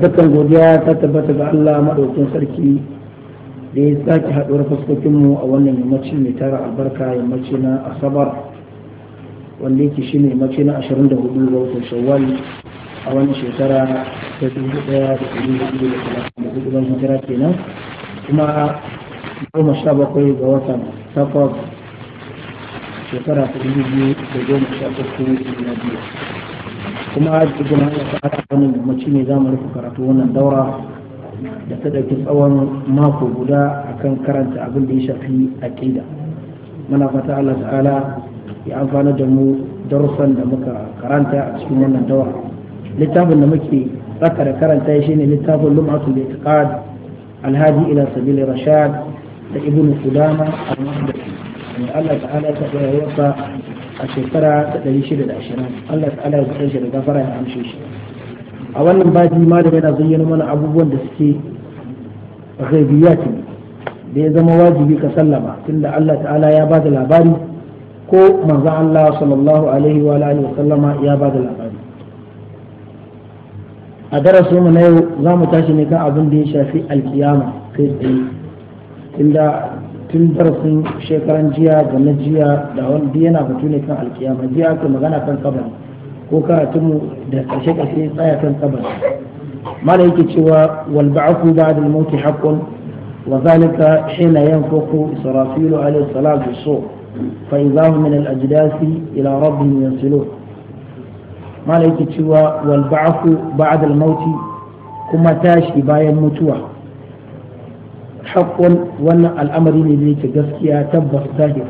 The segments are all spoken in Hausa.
dukkan godiya ta tabbata ga Allah maɗaukin sarki da ya sake haɗuwar fuskokinmu a wannan yammaci mai tara albarka yammaci na asabar wanda yake shi ne yammaci na 24 ga watan shawwal a wani shekara ta 1434 ban hijira kenan kuma goma sha bakwai ga watan takwas shekara ta 2013 na biyu kuma cikin hanyar ta wani mace ne za mu rufe karatu wannan daura da ta ɗauki tsawon mako guda akan karanta abin da ya shafi aƙida muna fata Allah ta'ala ya amfana da mu darussan da muka karanta a cikin wannan daura littafin da muke tsaka da karanta shi ne littafin lum'atul itiqad Alhaji ila sabil rashad da ibnu qudama al-mahdisi Allah ta'ala ta ya wasa a shekara ta ɗari shida da ashirin Allah ta'ala ya kuɗin shi da gafara ya amshe shi a wannan baji malam yana zayyana mana abubuwan da suke ghaibiyat da ya zama wajibi ka sallama tunda Allah ta'ala ya ba da labari ko manzan Allah sallallahu alaihi wa alihi wa sallama ya ba da labari a darasin mu na yau za mu tashi ne kan abin da ya shafi alkiyama kai tsaye inda tun darasin shekaran jiya da na jiya da wani yana batu ne kan alkiyama jiya magana kan kabari ko mu da ƙarshe ƙarshe tsaya kan kabari mala yake cewa wal ba'athu ba'da al haqqun wa zalika hina yanfukhu israfilu alayhi salatu bisu fa min al-ajdasi ila rabbihim yansilun mala yake cewa wal ba'athu ba'da al kuma tashi bayan mutuwa haƙƙun wannan al'amari ne da yake gaskiya tabbas zahir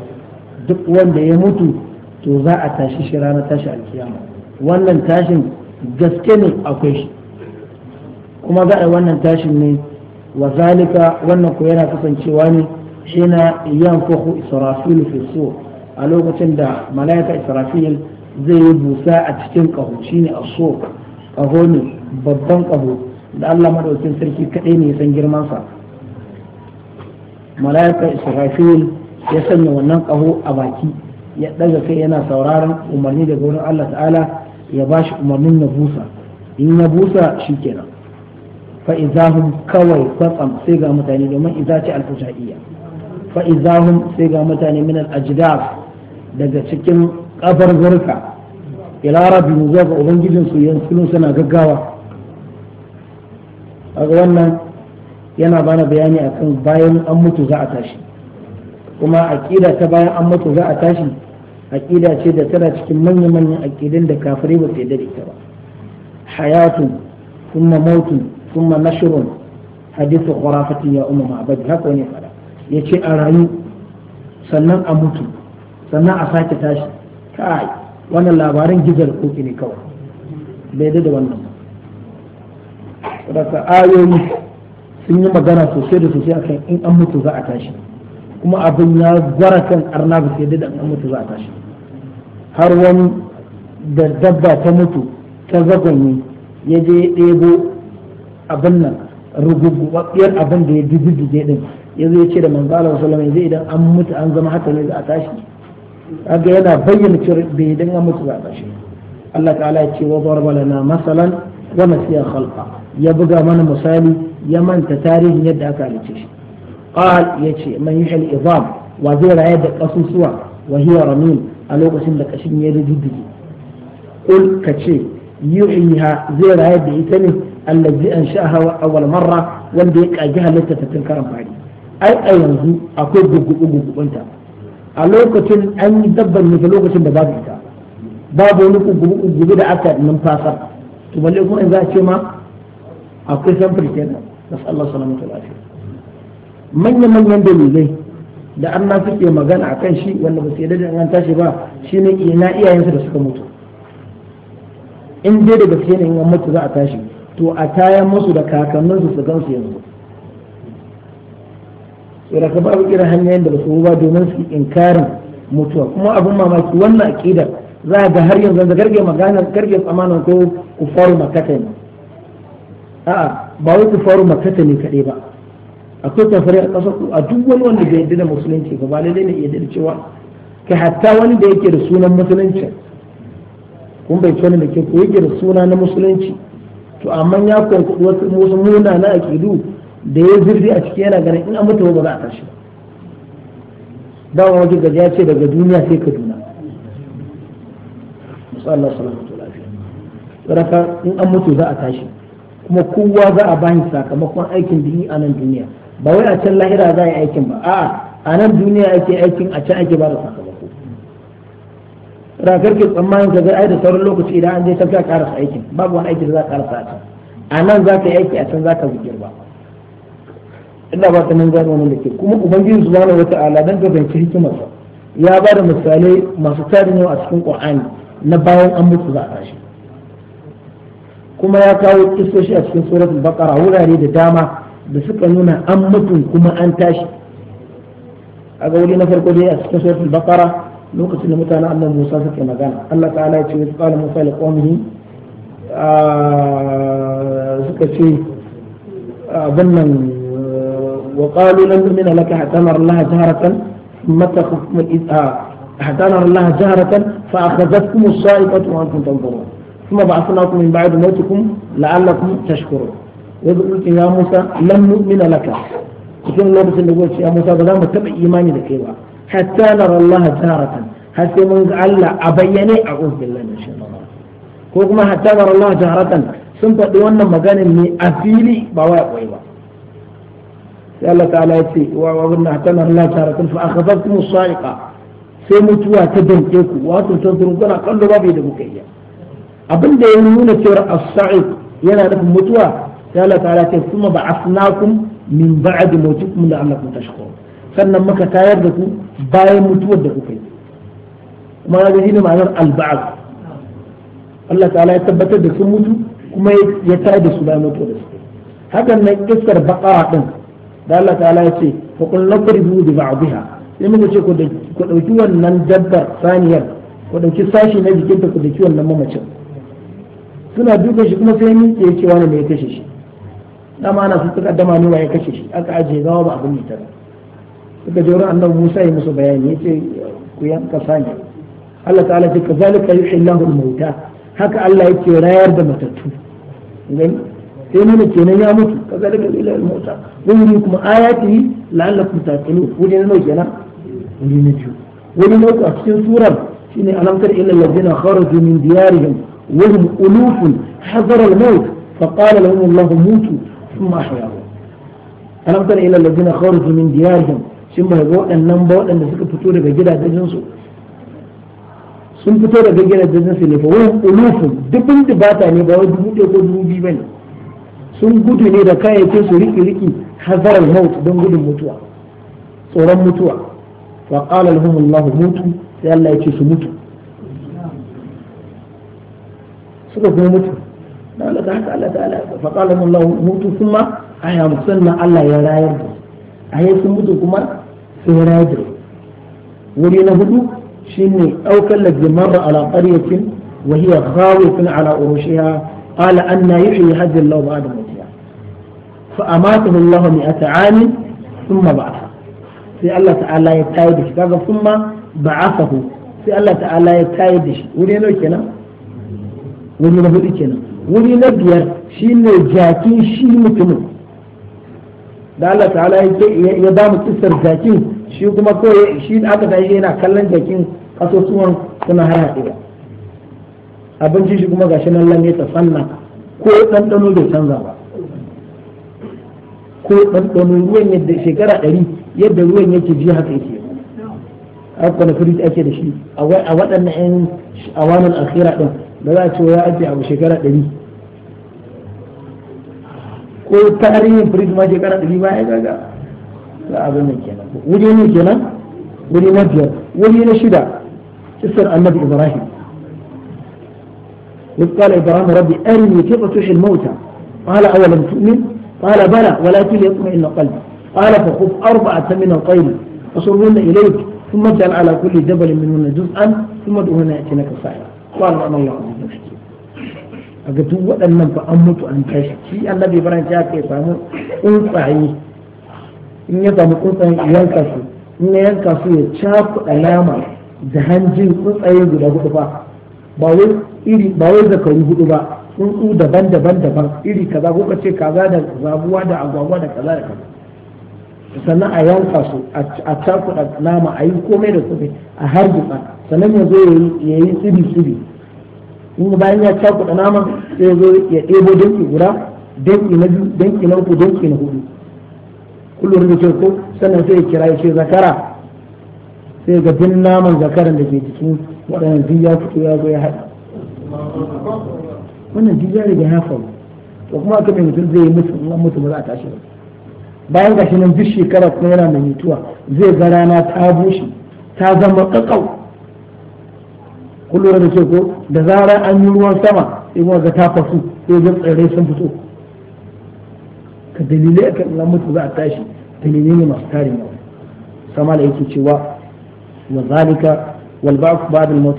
duk wanda ya mutu to za a tashi shi ranar tashi alkiyama wannan tashin gaske ne akwai shi kuma za a yi wannan tashin ne wa zalika wannan ko yana kasancewa ne hina yanfahu israfil fi a lokacin da malaika israfil zai yi busa a cikin kaho shine as-sur kaho ne babban kaho da Allah madaukakin sarki kaɗai ne ya san girmansa malaika israfil ya sanya wannan ƙaho a baki ya ɗaga kai yana sauraron umarni daga wurin Allah ta'ala ya ba shi umarnin ya busa in ya busa shi kenan fa izahum kawai kwatsam sai ga mutane domin iza ce alfujaiya fa izahum sai ga mutane min al-ajdaf daga cikin kafar zurka ila rabbi zuwa ga ubangijin su yanzu suna gaggawa a wannan yana bana bayani akan bayan an mutu za a tashi kuma aƙida ta bayan an mutu za a tashi aƙida ce da tana cikin manya-manyan aƙidan da kafirai ba su da ta ba hayatu kuma mautu kuma nashirun hadisu kwarafati ya umma ma'abadi haka wani fada ya ce a rayu sannan a mutu sannan a sake tashi kai wannan labarin gizar koki ne kawai bai da wannan ba ayoyi sun yi magana sosai da sosai akan in an mutu za a tashi kuma abin ya gwara kan arna ba sai da an mutu za a tashi har wani da dabba ta mutu ta zagonye ya je ɗebo abin nan rugubbiyar abin da ya diddige din ya zo ya ce da manzo wasu sallallahu zai idan an mutu an zama haka ne za a tashi kaga yana bayyana cewa bai idan an mutu za a tashi Allah ta'ala ya ce wa darba lana masalan wa nasiya khalqa ya buga mana misali ya manta tarihin yadda aka halice shi qal yace man yuhil izam wa zai da kasusuwa wa hiya ramin a lokacin da kashin ya rididdige qul kace yuhiha zai raye da ita ne allazi sha awwal marra wanda ya kage halitta ta tun karan fari ai a yanzu akwai gugubu gugubunta a lokacin an yi dabban ne lokacin da babu ita babu wani gugubu gugubu da aka numfasa to balle kuma in za a ce ma akwai samfur kenan nasu Allah salamu ta من manyan manyan dalilai da an na suke magana a kan shi wanda ba su yadda an tashi ba shi ne ina iyayensa da suka mutu in dai da gaske ne in mutu za a tashi to a tayan musu da kakanninsu su gansu yanzu tsira ka babu irin hanyoyin da ba su ba domin su inkarin mutuwa kuma abin mamaki wannan aƙidar za a ga har yanzu da garge maganar garge tsamanin ko kufar makata ne a'a ba wai kufaru makata ne kaɗai ba akwai kafare a ƙasar a duk wani wanda bai yarda da musulunci ba lallai ne yarda da cewa kai hatta wani da yake da sunan musulunci kun bai tsoni da ke ko yake da suna na musulunci to amma ya kwankwaɗi wasu muna na aƙidu da ya zurfi a ciki yana ganin in an mutu ba za a tashi ba ba wajen gaji ya ce daga duniya sai kaduna musallar salamatu lafiya tsaraka in an mutu za a tashi kuma kowa za a bani sakamakon aikin da yi a nan duniya ba wai a can lahira za a yi aikin ba a'a a nan duniya ake aikin a can ake ba da sakamako rakar ke tsammanin ka ga ai da sauran lokaci idan an je can ka karasa aikin babu wani aiki da za a karasa a can a nan za ka yi aiki a can za ka zikir ba ina ba ta nan gano nan da ke kuma ubangiji wata wata'ala dan gabanci hikimarsa ya ba da misalai masu tarihi a cikin ƙwa'ani na bayan an mutu za a tashi kuma ya kawo kisoshi a cikin suratul baqara wurare da dama da suka nuna an mutu kuma an tashi a ga wuri na farko dai a cikin suratul baqara lokacin da mutanen annabi Musa suke magana Allah ta'ala ya ce wa qala Musa li qaumihi suka ce abin nan wa qalu lan nu'mina laka hatta nara Allah jaharatan thumma takhafna idha hatta nara Allah jaharatan fa akhadhatkum as-sa'iqatu wa antum tanzurun ثم بعثناكم من بعد موتكم لعلكم تشكرون وإذ قلتم يا موسى لن نؤمن لك cikin lokacin da goce ya Musa ba za mu taɓa imani da kai ba hatta nara Allah jaratan har mun ga Allah a bayyane a ubillah da shi ko kuma hatta nara Allah jaratan sun faɗi wannan maganin ne a fili ba wai akwai ba sai Allah ya ce wa wa bin sai mutuwa ta danke ku wato tun kallo babu da muka abin da ya nuna cewar as-sa'id yana nufin mutuwa ya Allah ta'ala ce kuma ba'athnakum min ba'di mawtikum la'allakum tashkurun sannan muka tayar da ku bayan mutuwar da kuka yi kuma ya gaji ne ma'anar al-ba'd Allah ta'ala ya tabbatar da sun mutu kuma ya tayar da su bayan mutuwar da suka yi hakan nan iskar baqara din da Allah ta'ala ya ce fa qul nadribu bi ba'dihha sai muka ce ku dauki wannan dabbar saniyar ku dauki sashi na jikinta ku dauki wannan mamacin suna duka shi kuma sai miƙe ya ce wani ne ya kashe shi dama ana sun takaddama ne ya kashe shi aka ajiye gawa ba abin ta suka je wurin annabi Musa ya musu bayani ya ce ku yanka sani Allah ta'ala ce kazalika yuhillahu al-mauta haka Allah ya ce rayar da matattu gani sai nuna kenan ya mutu kazalika yuhillahu al-mauta wani kuma ayati la'allakum taqilun wani ne kenan wani ne wani ne a cikin surar shine alam tar illa allazina kharaju min diyarihim وهم ألوف حذر الموت فقال لهم الله موتوا ثم أحياهم ألم تر إلى الذين خرجوا من ديارهم shin ba ga waɗannan ba waɗanda suka fito daga gidajensu sun fito daga gidajensu ne fa wani ulufin dubin dubata ne ba wai dubu ɗaya ko dubu biyu ba ne sun gudu ne da kayayyakin su riki riki hazarar maut don gudun mutuwa tsoron mutuwa wa qala lahum allah mutu sai allah ya ce su mutu suka kuma mutu da Allah ta haka Allah ta'ala fa qala Allah mutu kuma aya musanna Allah ya rayar da aya sun mutu kuma sai ya rayar da wuri na hudu shine aukan ladhi marra ala qaryatin wa hiya khawifun ala urushiha qala anna yuhyi hadhihi Allah ba'da mawtiha fa amatahu Allah mi'ata 'amin thumma ba'atha sai Allah ta'ala ya tayi da shi kaga thumma ba'athahu sai Allah ta'ala ya tayi da shi wuri ne kenan wuri na hudu kenan wuri na biyar shine jakin shi mutumin da Allah ta'ala ya ba mu jakin shi kuma kawai shi aka tashi yana kallon jakin kasusuwan suna ba abincin shi kuma gashi nan lamai ta sanna ko ɗanɗano bai canza ba ko ɗanɗano ruwan yadda shekara ɗari yadda ruwan yake ji haka yake har connectivity ake da shi a waɗannan 'yan awanin akhira ɗin da za a ce ya ajiye abu shekara ɗari ko tarihin firij ma shekara ɗari ba ya gaga ga abin nan kenan wuri ne kenan wuri na biyar wuri na shida kisar annabi ibrahim إذ قال إبراهيم ربي أرني كيف تحيي الموتى قال أولم تؤمن قال بلى ولكن ليطمئن قلبي قال فخذ أربعة من الطير فصرهن إليك ثم اجعل على كل جبل منهن جزءا ثم ادعوهن يأتينك سعيا قال أنا الله عز وجل aga duk waɗannan fa an mutu an tashi shi annabi aka ya kai samu tsuntsaye in ya samu tsuntsaye yanka su in ya yanka su ya cakuɗa nama da hanjin tsuntsaye guda hudu ba ba iri ba wai zakaru hudu ba tsuntsu daban-daban daban iri kaza ko kace kaza da zabuwa da agwagwa da kaza da kaza sannan a yanka su a cakuɗa nama a yi komai da komai a jika sannan ya zo ya yi tsibi tsibi in bayan ya cakuɗa nama sai ya zo ya ɗebo danki guda danki na biyu danki na uku danki na hudu kullum da ke ko sannan sai ya kira ya ce zakara sai ga bin naman zakaran da ke jikin waɗannan duk ya fito ya zo ya haɗa wannan duk ya riga ya faru to kuma aka mai mutum zai yi mutu mutu ba za a tashi ba bayan gashi nan duk shekara kuma yana mai mutuwa zai ga rana ta bushe ta zama kakau kullum da ke ko da zarar an yi ruwan sama sai kuma ga ta fasu sai ga tsirrai sun fito ka dalilai akan kan mutu za a tashi dalilai ne masu tarin yawa sama da yake cewa wa zalika wal ba'th ba'd al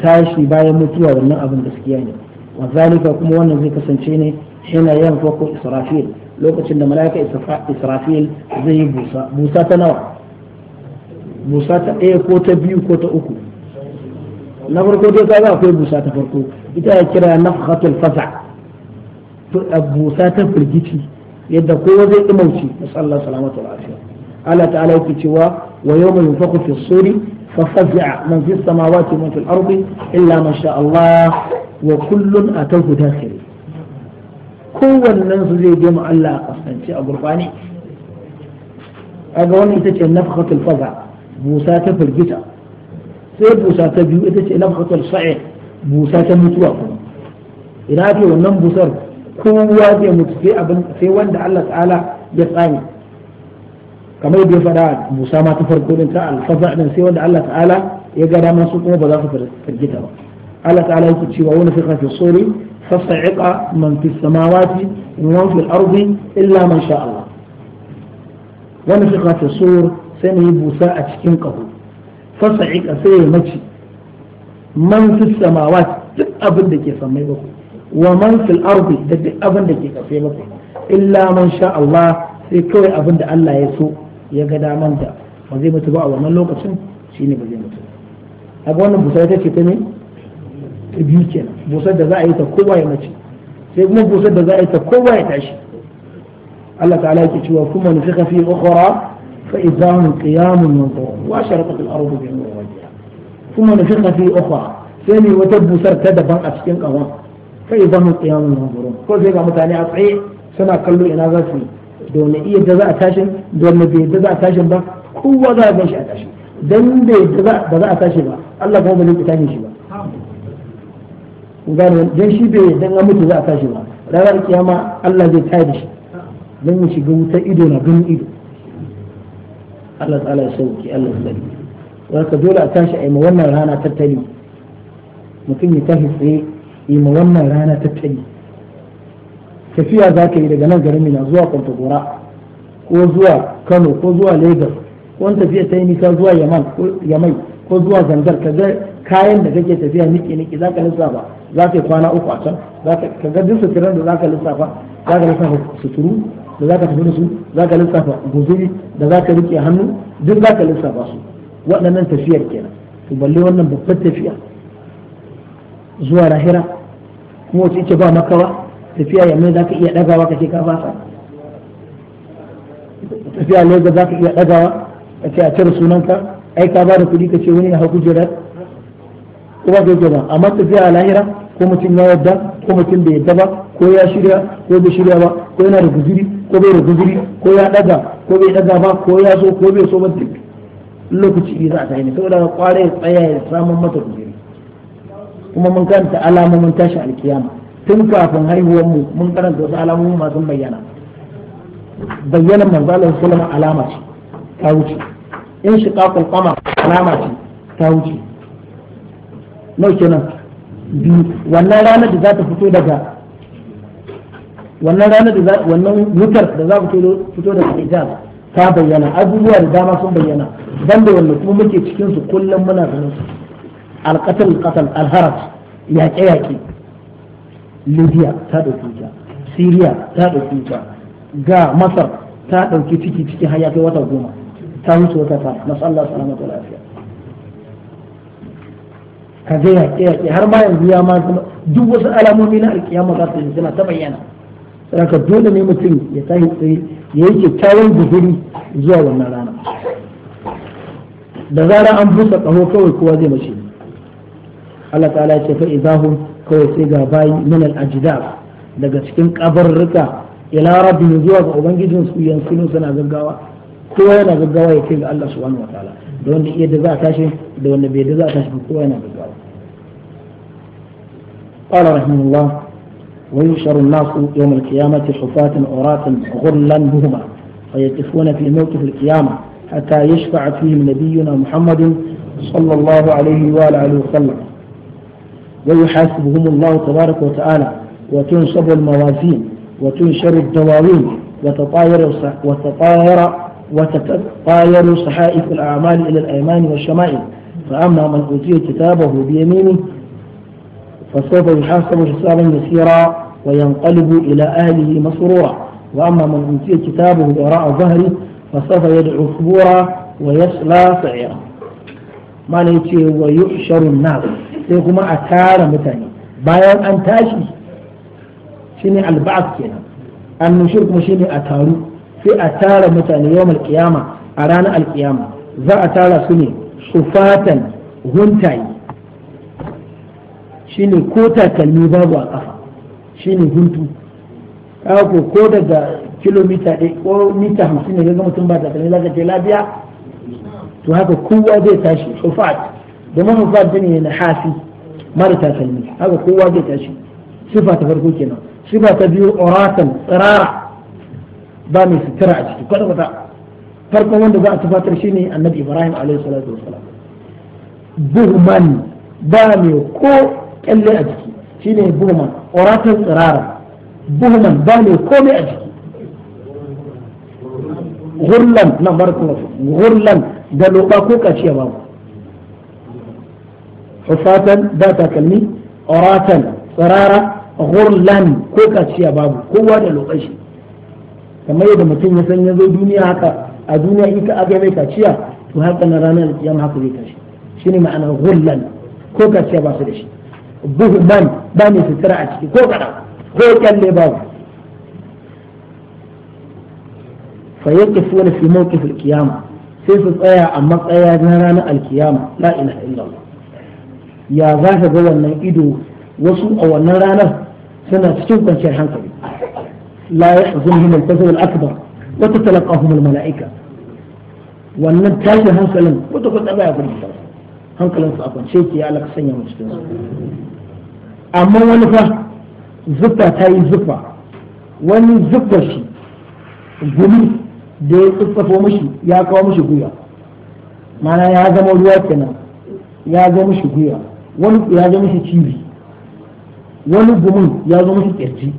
tashi bayan mutuwa wannan abin gaskiya ne wa zalika kuma wannan zai kasance ne yana yin fako israfil lokacin da mala'ika israfil zai yi busa busa ta nawa busa ta ɗaya ko ta biyu ko ta uku na farko dai kaga akwai busa ta farko ita ya kira nafhatul faza busa ta firgici yadda kowa zai imauci musallar salamatu lafiya Allah ta'ala yake cewa wa yawma yunfakhu fi suri fa fazi'a man fi samawati wa fil ardi illa ma sha Allah wa kullun atahu dakhil kowannen su zai je Allah a kasance a gurbani kaga wannan ita ce nafhatul faza busa ta firgita sai busa ta biyu ita ce nafhatul sa'i busa ta mutuwa kuma Ina ake wannan busar kowa zai mutu sai abin sai wanda Allah ta'ala ya tsani kamar da ya faɗa busa ma ta farko din ta alfaza din sai wanda Allah ta'ala ya ga dama su kuma ba za su firgita ba Allah ta'ala yake cewa wani fiqa fi suri فاصعق من في السماوات ومن في الأرض إلا من شاء الله ونفخ في الصور سنه بوساء تشكين قبول سيه مجي من في السماوات duk abin da ke samai bakwai wa man fil ardi da abin da ke bakwai illa man sha sai kawai abin da Allah ya so ya ga daman da ba zai mutu ba a wannan lokacin shine ba zai mutu a wannan busa ta ce ta ne ta biyu kenan busar da za a yi ta kowa ya mace sai kuma busar da za a yi ta kowa ya tashi Allah ta'ala yake cewa kuma nufiqa fi ukhra fa idahum qiyamun yanzurun wa sharaqat al-ardu bi rawadiha kuma nufiqa fi ukhra sai ne wata busar ta daban a cikin kawan fa idahum qiyamun yanzurun ko sai ga mutane a tsaye suna kallo ina za su da wani iya da za a tashin da wani bai da za a tashin ba kowa za a ganshi a tashi dan bai da za a tashi ba Allah kuma bai zai fita shi ba gano don shi bai dan an mutu za a tashi ba ranar kiyama Allah zai tayar shi don ya shiga wutar ido na ganin ido Allah ta'ala ya sauki Allah ya sauki ka dole a tashi a yi ma wannan rana tattali mutum ya tashi tsaye yi ma wannan rana tattali tafiya za ka yi daga nan garin mina zuwa kwantagora ko zuwa kano ko zuwa lagos ko tafiya ta yi nisa zuwa yamai ko zuwa zangar ka ga kayan da kake tafiya niki niki za ka lissafa za ka kwana uku a can ka ga duk suturan da za ka lissafa za ka lissafa suturu da za ka tafi da su za ka lissafa guzuri da za ka rike hannu duk za ka lissafa su waɗannan tafiyar kenan to balle wannan babbar tafiya zuwa rahira kuma wasu ita ba makawa tafiya yamma za ka iya ɗagawa ka ce ka fasa tafiya lagos za ka iya ɗagawa ka ce a cire sunanka ai ka bada kuɗi ka ce wani na hagu jirar ko ba zai ba amma tafiya a lahira ko mutum ya yadda ko mutum bai yadda ba ko ya shirya ko bai shirya ba ko yana da guzuri ko bai da guzuri ko ya daga ko bai daga ba ko ya so ko bai so ba duk lokaci ne za a tsaye ne saboda kware ya tsaya ya samun mata guzuri kuma mun karanta alamomin tashin alkiyama tun kafin haihuwar mu mun karanta wasu alamomin masu bayyana bayyana manzo Allah sallallahu alaihi wasallam alama ce ta wuce in shi kakul kama alama ce ta wuce nau kenan biyu wannan ranar da za ta fito daga wannan ranar da wannan wutar da za fito daga hijab ta bayyana abubuwa da dama sun bayyana dan da wanda kuma muke cikin su kullum muna ganin su alqatal qatal alharaj yaƙe yaƙe libya ta dauki ta syria ta dauki ta ga masar ta dauki ciki cikin har ya kai wata goma ta mutu wata ta masu Allah salamatu lafiya ka ga yaƙe yaƙe har ma yanzu ya ma zama duk wasu alamomi na alkiyama za su yi suna ta bayyana saboda dole ne mutum ya tashi tsaye ya yi kyakkyawan guzuri zuwa wannan rana da zara an busa kaho kawai kowa zai mace Allah ta'ala ya ce fa idahum kawai sai ga bayi min al ajdab daga cikin kabarruka ila rabbi zuwa ga ubangijin su yansu suna gaggawa kowa yana gaggawa ya ce ga Allah subhanahu wataala da wanda iya da za a tashi da wanda bai da za kowa yana gaggawa قال رحمه الله ويحشر الناس يوم القيامة حفاة عراة غرلا بهما فيقفون في موقف القيامة حتى يشفع فيهم نبينا محمد صلى الله عليه وآله وسلم ويحاسبهم الله تبارك وتعالى وتنصب الموازين وتنشر الدواوين وتطاير وتطاير وتتطاير صحائف الأعمال إلى الأيمان والشمائل فأما من أوتي كتابه بيمينه فسوف يحاسب حسابا يسيرا وينقلب إلى أهله مسرورا وأما من أوتي كتابه وراء ظهره فسوف يدعو ثبورا ويصلى سعيرا ما نيتي ويحشر الناس sai kuma a بايان mutane bayan شيني tashi كينا أن نشرك مشيني nushur sai a tara mutane yawon alkiyama a ranar alkiyama za a tara su ne sufatan huntaye shine ko takalmi babu a kafa shine huntu ko ko daga kilomita ɗaya ko mita hamsin ne ga mutum ba takalmi za ka ce labiya to haka kowa zai tashi sufat domin sufat ne na hafi mara takalmi haka kowa zai tashi sifa ta farko kenan sifa ta biyu oratan tsirara ba mai sutura a ciki kwata kwata farkon wanda za a tufatar ne annabi ibrahim alaihi salatu wasalam buhman ba mai ko kyalle a ciki shi shine buhman oratar tsirara buhman ba mai komai a ciki gurlan na barkon hurlan da loba ko kaciya babu hufatan ba takalmi oratan tsirara hurlan ko kaciya babu kowa da lokaci kamar yadda mutum ya san ya zo duniya haka a duniya in ka aka mai kaciya to haka na ranar kiyama haka zai tashi shine ma'ana gullan ko kaciya ba su da shi buhman ba ne sutura a ciki ko kaɗan ko kyalle babu fa yake fi mawqif al-qiyama sai su tsaya a matsaya na ranar alkiyama la ilaha illallah ya za ga wannan ido wasu a wannan ranar suna cikin kwanciyar hankali la yahzunhum al-fazl al-akbar wa tatalaqahum al-mala'ika wannan tashin hankalin wata kwata baya gurbi hankalin su akwai kwance ke Allah ka sanya mu cikin su amma wani fa zufa ta yi zufa wani zufa shi gumi da ya tsuffafo mashi ya kawo mashi guya mana ya zama ruwa kenan ya zo mashi guya wani ya zo mashi cibi wani gumin ya zo mashi kirji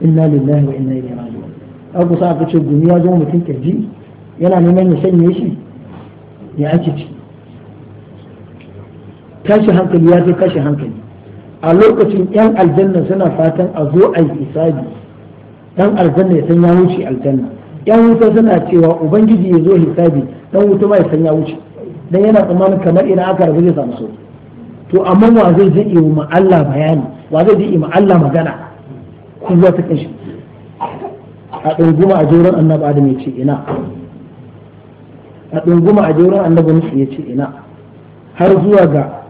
inna lillahi wa inna ilaihi raji'un abu sa aka ce gumi ya zo mutum kirji yana neman ya sanya shi ya ake ci kashi hankali ya fi kashi hankali a lokacin yan aljanna suna fatan a zo a yi isabi dan aljanna ya san ya wuce aljanna yan wuta suna cewa ubangiji ya zo hisabi dan wuta ma ya san ya wuce dan yana tsammanin kamar idan aka rabu zai samu so to amma wa zai je ma Allah bayani wa zai je ma Allah magana in zuwa ta kinshi a ɗunguma a jerin annabi adam ya ce ina a ɗunguma a jerin annabi musu ya ce ina har zuwa ga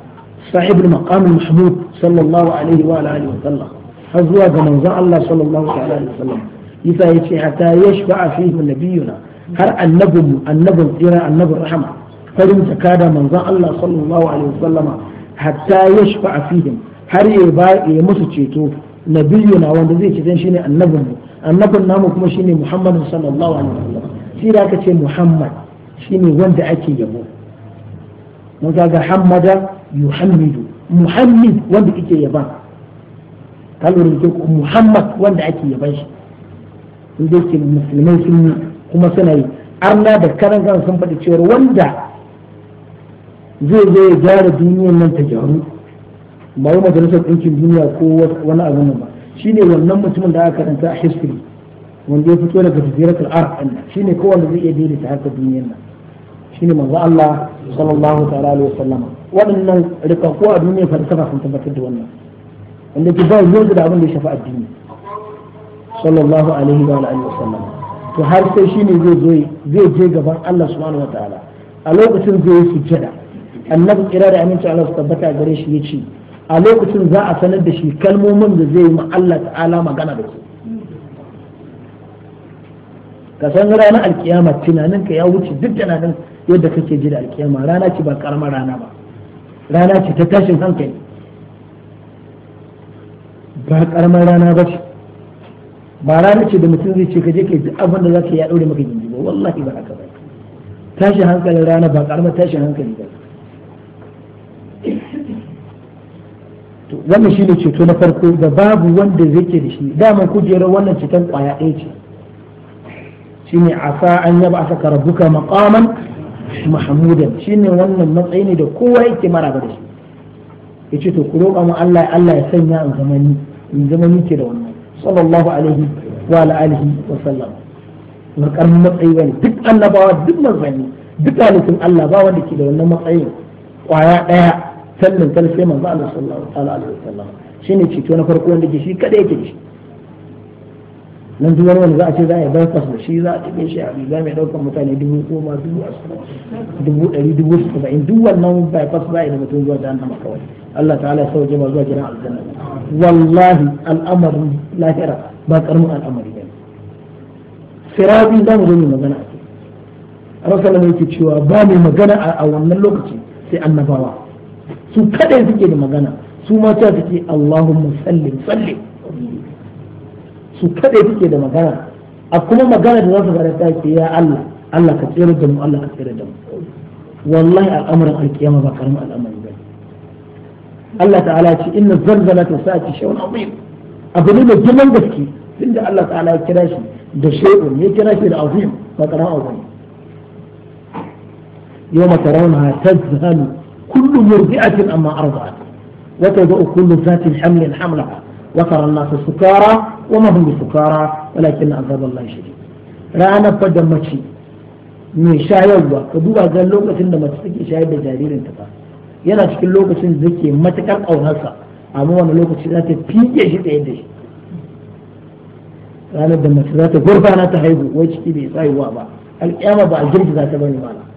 sahibul maqamul mahmud sallallahu alaihi wa alihi wa sallam har zuwa ga manzon Allah sallallahu alaihi wa sallam isa ya ce hatta yashfa'a fihi nabiyuna har annabin annabin tsira annabin rahama farin zakada manzon Allah sallallahu alaihi wa sallama hatta yashfa'a fihim har ya musu ceto nabiyuna wanda zai ci shine annabin mu annabin namu kuma shine muhammadin sallallahu alaihi wasallam shi da aka ce muhammad shine wanda ake yabo mun ga hamada yuhammidu muhammad wanda ake yaban kalmar da ko muhammad wanda ake yaban shi sun dai ke musulmai sun yi kuma suna yi arna da karan kan sun faɗi cewar wanda zai zai ya gyara duniyar nan ta gyaru ba wai majalisar ɗinkin duniya ko wani abin nan ba shine wannan mutumin da aka karanta a history wanda ya fito daga jaziratul arab din shine kowanne zai iya daidaita haka duniyar nan shine manzo Allah sallallahu ta'ala alaihi wasallama waɗannan rikakku a duniya falsafa sun tabbatar da wannan wanda ke ba yanzu da abin da ya shafi addini sallallahu alaihi wa alihi wasallam to har sai shine zai zo zai je gaban Allah subhanahu wataala a lokacin zai yi sujjada annabi kira da aminci Allah su tabbata gare shi ya yace a lokacin za a sanar da shi kalmomin da zai yi ma Allah ta'ala magana da su ka san ranar alkiyama tunanin ka ya wuce duk tunanin yadda kake ji da alkiyama rana ce ba karamar rana ba rana ce ta tashin hankali ba karamar rana ba ce ba rana ce da mutum zai ce ka je ka yi abin da za ka yi ya ɗaure maka gindi ba wallahi ba haka ba tashin hankalin rana ba karamar tashin hankali ba wannan shine ceto na farko da babu wanda zai ke da shi dama kujerar wannan cutar kwaya ɗaya ce shine asa an yaba aka karabuka makaman mahmudan shine wannan matsayi ne da kowa yake maraba da shi ce to ku roƙa mu Allah Allah ya sanya in zama ni in zama ni ke da wannan sallallahu alaihi wa alihi wa sallam ba matsayi bane duk annabawa duk manzanni duk halittun Allah ba wanda ke da wannan matsayin kwaya ɗaya tallin tal sai manzo Allah sallallahu alaihi wasallam shine cito na farko wanda ke shi kada yake shi nan duk wani wanda za a ce za a yi bypass da shi za a tafi shi a za mai daukar mutane dubu goma dubu ashirin dubu ɗari dubu saba'in duk wannan bypass za a yi da mutum zuwa jahannama kawai Allah ta'ala ya sauke jima zuwa gidan aljanna wallahi al'amarin lahira ba karamin al'amari ba sirabi za mu zo mu magana a kai rasulullah yake cewa ba mai magana a wannan lokaci sai annabawa su kadai suke da magana su mata suke Allahumma sallim sallim su kadai suke da magana a kuma magana da za su fara take ya Allah Allah ka tsere da mu Allah ka tsere da mu wallahi al'amuran alkiyama ba karamin al'amari ba Allah ta'ala ce inna zalzalata sa'ati shay'un azim abu ne mai girman gaske tunda Allah ta'ala ya kira shi da shay'un ya kira shi da azim ba karamin azim yawma tarawnaha tazhalu kullu murdi'atin amma arba'at wa tad'u kullu zatin hamlin hamlaha wa tara an-nasa sukara wa ma hum bisukara walakin azab Allah shadid ranar fa da mace mai shayarwa ka duba ga lokacin da mace take shayar da jaririnta ta yana cikin lokacin da ke matakar ƙaunarsa amma wani lokaci za ta shi tsaye da shi ranar da mace zata ta gurbana ta haihu wai ciki bai tsayuwa ba alƙiyama ba a girgiza ta bane mana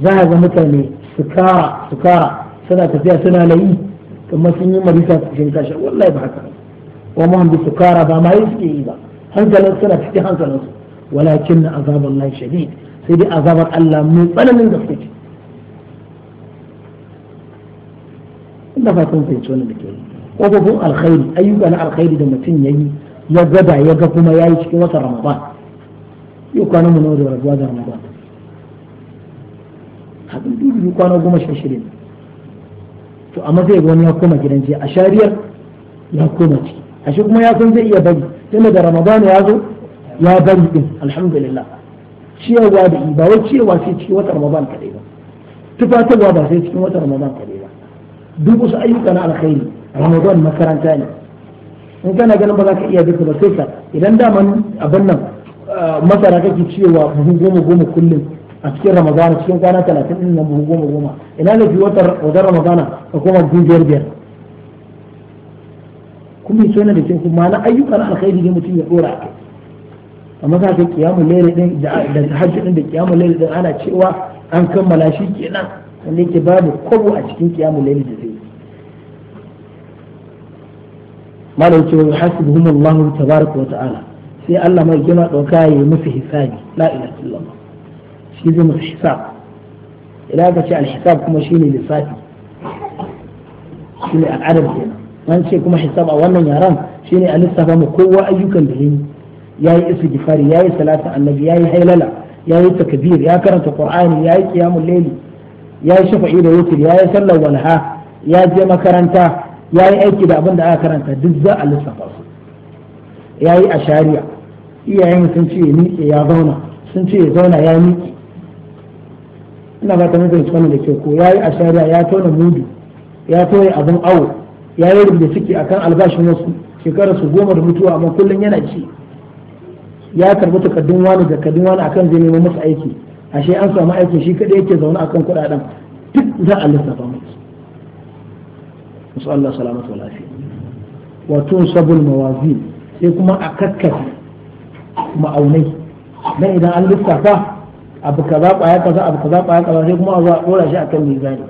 za a ga mutane sukara sukara suna tafiya suna layi kuma sun yi marisa su shi tashi wallahi ba haka wa mu bi sukara ba ma yi suke yi ba hankalin suna cikin hankalin su walakin na azabar lai shadid sai dai azabar Allah mai tsananin gaske ce inda fatan sai tsona da ke kofofin alkhairi ayyuka na alkhairi da mutum ya yi ya gada ya ga kuma ya yi cikin wata ramadan yau kwanan mu na wajen rabuwa da ramadan abin dubu kwana goma sha shida to amma zai wani ya koma gidan jiya a shariyar ya koma ciki ashe kuma ya san zai iya bari tunda da Ramadan ya zo ya bari din alhamdulillah ciyarwa da ba wai ciyarwa sai cikin watan ramadan kadai ba tufatarwa ba sai cikin watan ramadan kadai ba duk wasu ayyuka na alkhairi ramadan makaranta ne in kana ganin ba za ka iya duka ba sai ka idan daman abin nan ah, masara kake cewa buhu goma goma kullum a cikin ramadana cikin kwana talatin ɗin nan buhu goma goma ina ne fi watar wajen ramadana ka koma biyu biyar biyar kuma yaso na da cikin ma na ayyukan alkhairi ne mutum ya dora a amma za ka kiyamu lere ɗin da hajji ɗin da kiyamu lere ɗin ana cewa an kammala shi kenan wanda yake babu kwabo a cikin kiyamu lere da zai malam ce wa hasibuhum Allah tabaraka ko ta'ala sai Allah mai ɗauka ya yi musu hisabi la ilaha illallah shi zai hisab idan aka ce alhisab kuma shi ne lissafi shi ne al'adar kenan an ce kuma hisab a wannan yaran shi ne a lissafa mu kowa ayyukan da yayi ya yi istighfari ya yi salatu annabi ya yi hailala ya yi takabir ya karanta qur'ani ya yi qiyamul layli ya yi shafa'i da wutir ya yi sallar walha ya je makaranta ya yi aiki da abin da aka karanta duk za a lissafa su ya yi ashariya iyayen sun ce ya miƙe ya zauna sun ce ya zauna ya miƙe ina ba ta mafi su da ke ko ya yi ashariya ya tona mudu ya tona abin awo ya yi rubuta ciki akan albashin wasu shekarar su goma da mutuwa amma kullum yana ci ya karbi takardun wani da takardun wani akan zai neman masa aiki ashe an samu aikin shi kadai yake zaune akan kuɗaɗen duk za a lissafa masu musu Allah salamatu wa lafiya wa sabul mawazi sai kuma a kakkafi ma'aunai dan idan an lissafa abu zaɓa ya kaza abu zaɓa ya kaza sai kuma a zo a kan shi akan mizani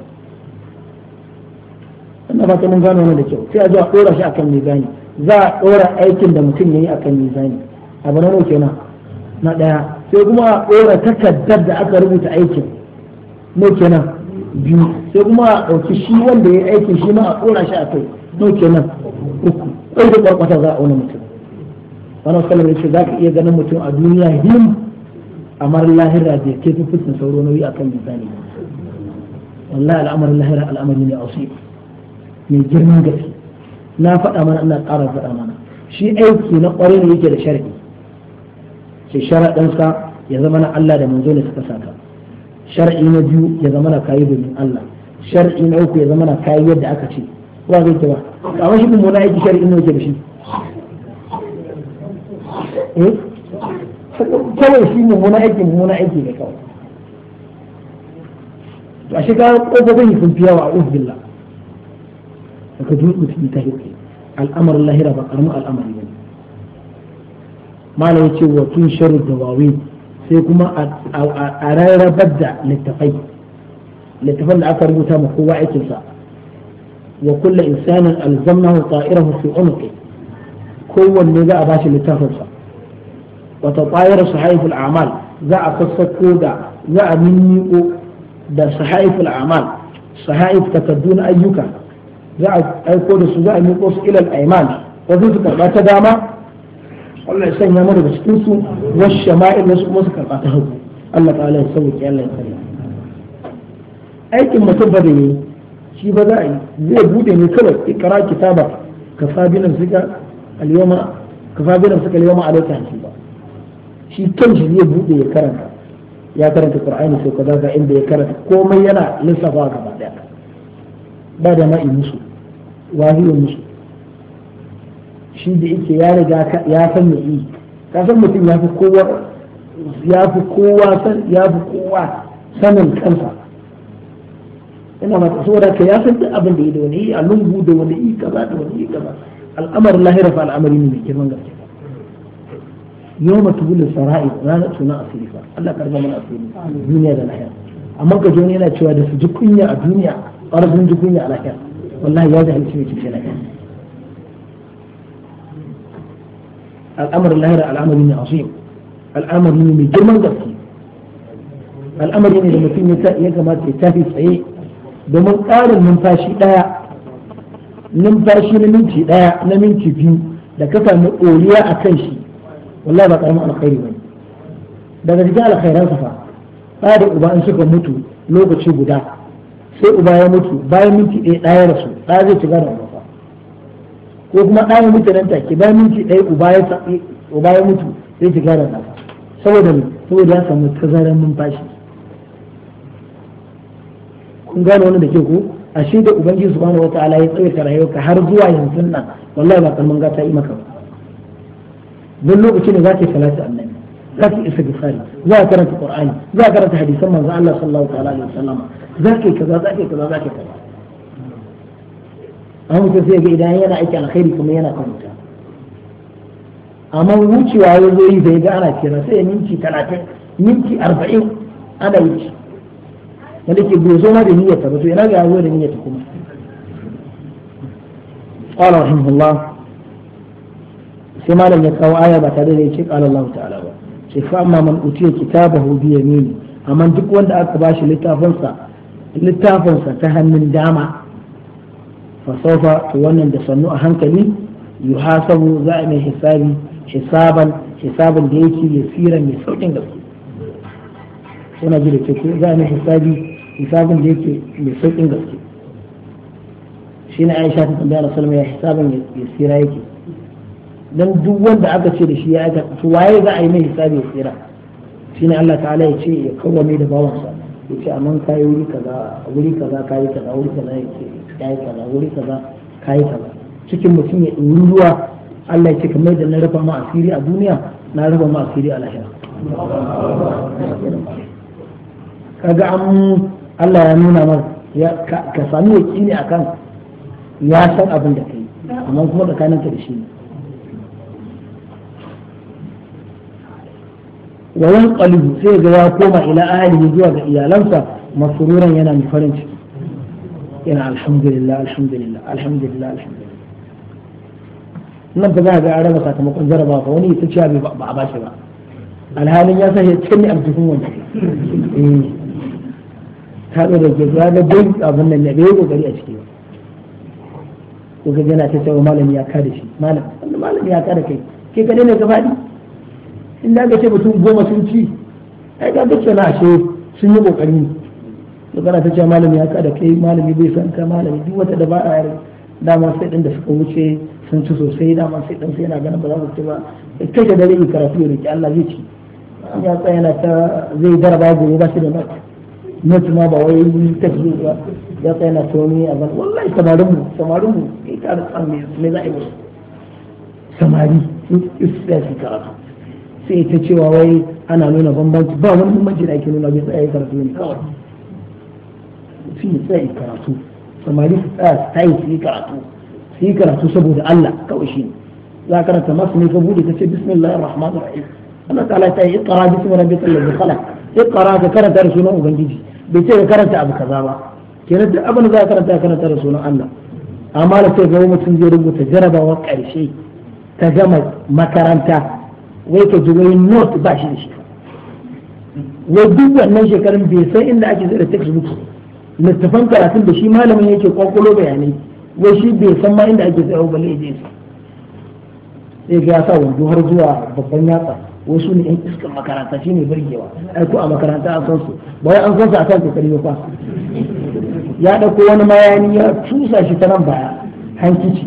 ina fata mun gano wannan da kyau sai a zuwa a dora shi akan mizani za a ɗora aikin da mutum ya yi akan mizani abu na nuke na na ɗaya sai kuma a ɗora takardar da aka rubuta aikin nuke na biyu sai kuma a ɗauki shi wanda ya yi aikin shi ma a ɗora shi a kai nuke na uku ɗauki ɓarɓata za a wani mutum wani wasu kalmar ce za ka iya ganin mutum a duniya him amar lahira bai kai fuffukin sauro nauyi akan mizani wallahi al'amarin lahira al'amari ne ausi mai girman gaske na faɗa mana ina ƙara faɗa mana shi aiki na ƙwarai ne yake da shar'i ke sharaɗinsa ya zama na Allah da manzo ne suka saka shar'i na biyu ya zama na kayi domin Allah shar'i na uku ya zama na kayi yadda aka ce ba zai ta ba a wani shi kuma wani aiki shar'i ne yake da shi eh kawai shi mummuna aiki mummuna aiki ne kawai to ashe ka kofofin sun fi yawa a billah ka ji mutum ta hike al'amarin lahira ba karamin al'amari ne malai ce wa tun sharu wawe sai kuma a rarrabar da littafai littafan da aka rubuta ma kowa aikinsa wa kulla insanin alzamnahu ta'irahu fi umqi kowanne za a bashi littafinsa wata ƙwayar sahaiful amal za a sassako da za a mimmiko da sahaiful amal sahaif takardun ayyuka za a aiko da su za a miko su ilal aiman wasu su karɓa ta dama Allah ya sanya mana da cikin su wasu shama'il wasu kuma su karɓa ta hagu Allah ta'ala ya sauke Allah ya sanya aikin mutum ba da yi shi ba za a yi zai bude ne kawai ikra kitaba ka fa bi nafsika al-yawma ka fa bi nafsika al-yawma alayka hasiba shi kan shi zai bude ya karanta ya karanta qur'ani sai ka ga inda ya karanta komai yana lissafa gaba daya ba da ma'i musu wahiyar musu shi da yake ya riga ya san me yi ka san mutum ya fi kowa ya fi kowa san ya fi kowa sanin kansa ina so da ka ya san duk abin da ya da wani yi a lungu da wani yi kaza da wani yi kaza al'amarin lahira fa al'amari ne mai girman gaske يوم تقول السرائر رانا تنا أسيرك الله كرم من أسير الدنيا ده الآخرة أما كجوني أنا شو هذا سجكني الدنيا أرض من جكني على كذا والله يا جهل شيء شيء لا الأمر الله الأمر مني عظيم الأمر مني جرمان قصدي الأمر مني لما في يجمع تتافي صحيح domin قال المنفاشي لا numfashi لمنتي لا ɗaya na minti biyu da ka wallahi ba karamin alkhairi bane daga cikin alkhairan sa fa ɗa da uba in suka mutu lokaci guda sai uba ya mutu bayan minti ɗaya ɗaya rasu ɗa zai ci gado uba ko kuma ɗaya mutu nan take bayan minti ɗaya uba ya uba ya mutu zai ci gado uba saboda saboda ya samu tazaran numfashi kun gane wani da ke ko shi da ubangiji subhanahu wataala ya tsaya ka har zuwa yanzu nan wallahi ba kalman gata yi maka ba بلوغ شنو ذاتي ثلاثة أمنين ذاتي إسا بخاري ذاكرة القرآن ذاكرة حديث من ذا الله صلى الله تعالى عليه وسلم ذاكي كذا ذاكي كذا ذاكي كذا أهم تسيئ بإذا ينا إيكا الخير كم ينا كمتا أما وموشي وعوذي إذا إذا أنا كنا سيئ منشي ثلاثة منشي أربعين أنا إيكي ولكن بوزوما بنية بس ينا بعوذي نية كمتا قال رحمه الله sai malam ya kawo aya ba tare da yake kala Allah ta'ala ba sai fa amma man utiya kitabahu bi yamini amma duk wanda aka bashi littafinsa littafinsa ta hannun dama fa sawfa to wannan da sannu a hankali yuhasabu za a mai hisabi hisaban hisabun da yake yasira mai saukin gaske suna ji da ke ku za a mai hisabi hisabin da yake mai saukin gaske shi na aisha ta tambaya rasul mai hisabin yasira yake dan duk wanda aka ce da shi ya aika to waye za a yi mai hisabi ya tsira shine Allah ta'ala ya ce ya kawwame da bawansa ya ce amma kayi wuri kaza wuri kaza kayi kaza wuri kaza kayi kaza wuri kaza kayi kaza cikin mutum ya ɗori ruwa Allah ya ce kamar da na rufa ma asiri a duniya na rufa ma asiri a lahira kaga an Allah ya nuna mar ka sami yaki ne akan ya san abin da kai amma kuma tsakaninka da shi ne wayan yanqalibu sai ga ya koma ila ahlihi zuwa ga iyalansa masururan yana mai farin ciki yana alhamdulillah alhamdulillah alhamdulillah alhamdulillah nan ba za a ga araba raba sakamakon jaraba ba wani ita ciya ba a bashi ba alhalin ya sanya cikin a aljihun wanda eh. ta da ke ya ga bai abin nan ne bai yi kokari a ciki ba ko ga yana ta cewa malami ya kada shi malam malam ya kada kai ke kadai ne ka faɗi in da ce mutum goma sun ci ai ga duk sana ashe sun yi kokari to kana ta ce malami ya kada kai malami bai san ka malami duk wata dabara ya dama sai din da suka wuce sun ci sosai dama sai din sai yana ganin ba za su ci ba kai da dare karatu ya ki Allah zai ci ya tsaya na ta zai daraba gobe ba shi da mata not ma ba wai ta ci ba ya tsaya na ta wani a ban wallahi samarin mu samarin mu kai ka da tsan me za a yi samari sun isa shi karatu sai ta cewa wai ana nuna bambanci ba wani bambanci da ake nuna bai tsaye karatu ne kawai su yi tsaye karatu samari su tsaya su tayi su yi karatu su yi karatu saboda Allah kawai shi ne za ka karanta masu ne ka bude ka ce bismillahir rahmanir rahim Allah ta'ala ta yi iqra bismi rabbikal ladzi khalaq iqra ka karanta da sunan ubangiji bai ce ka karanta abu kaza ba kenan duk abin da za ka karanta karanta da sunan Allah amma da sai ga mutum zai rubuta jarabawar karshe ta gama makaranta wai ka ji wai north ba shi da shi wai duk wannan shekarun bai san inda ake da textbook littafan karatun da shi malamin yake kwakwalo bayanai wai shi bai san ma inda ake zira balle su sai ga ya sa wando har zuwa babban yatsa wasu ne yan iskan makaranta shi ne birgewa aiko a makaranta an san su Ba wai an san su a kan kokari ba ya ɗauko wani mayani ya tusa shi ta nan baya hankici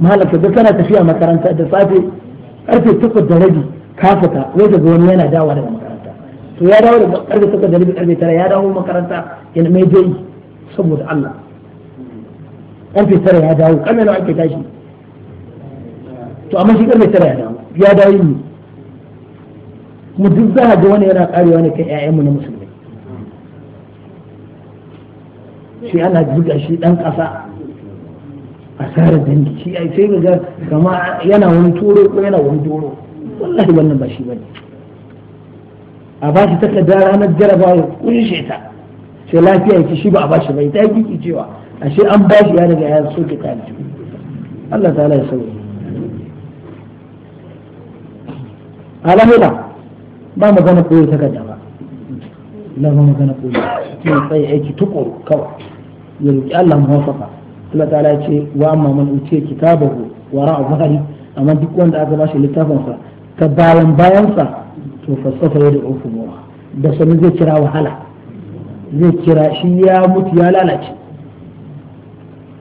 malaka da tana tafiya makaranta da safe karfe takwas da rabi ka fita wai ga wani yana dawa daga makaranta to ya dawo daga karfe takwas da rabi karfe tara ya dawo makaranta yana mai dai saboda Allah karfe tara ya dawo karfe nawa ake tashi to amma shi karfe tara ya dawo ya dawo ne mu duk za a ga wani yana karewa ne kan ƴaƴanmu na musulmi shi ana buga shi dan kasa asarar dangi shi ai sai ga kama yana wani turo ko yana wani doro wallahi wannan ba shi bane a ba shi takarda ranar jarabawa kunshe ta sai lafiya yake shi ba a ba shi bai ta yi cewa ashe an ba shi ya daga ya soke ta Allah ta'ala ya sauke alamila ba magana koyo takarda ba la ba magana koyo yi aiki tukuru kawai ya roki Allah mu hafafa Allah ta'ala ya ce wa amma man utiya kitabahu wa ra'a zahari amma duk wanda aka bashi littafin sa ta bayan bayan sa to fasafa ya da ufuwa da sanin zai kira wahala zai kira shi ya mutu ya lalace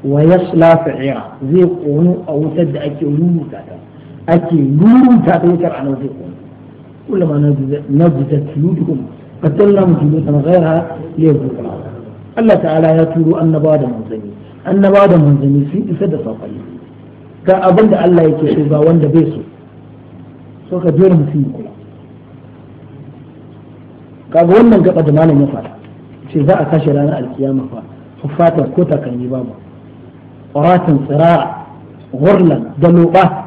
wa yasla fi'ira zai kono a wutar da ake rubuta ta ake rubuta ta wutar anan zai kono kullama nabzat juluduhum qatalna juludan ghayra liyazuqa Allah ta'ala ya turo annabawa da manzanni annaba da manzanni sun isa da saƙonni ga abin da Allah yake so ba wanda bai so so ka dole mutum ya kula kaga wannan gaba da malam ya fata ce za a kashe ranar alkiyama fa fata ko takalmi ba ƙoratin tsirara gurlan da loɓa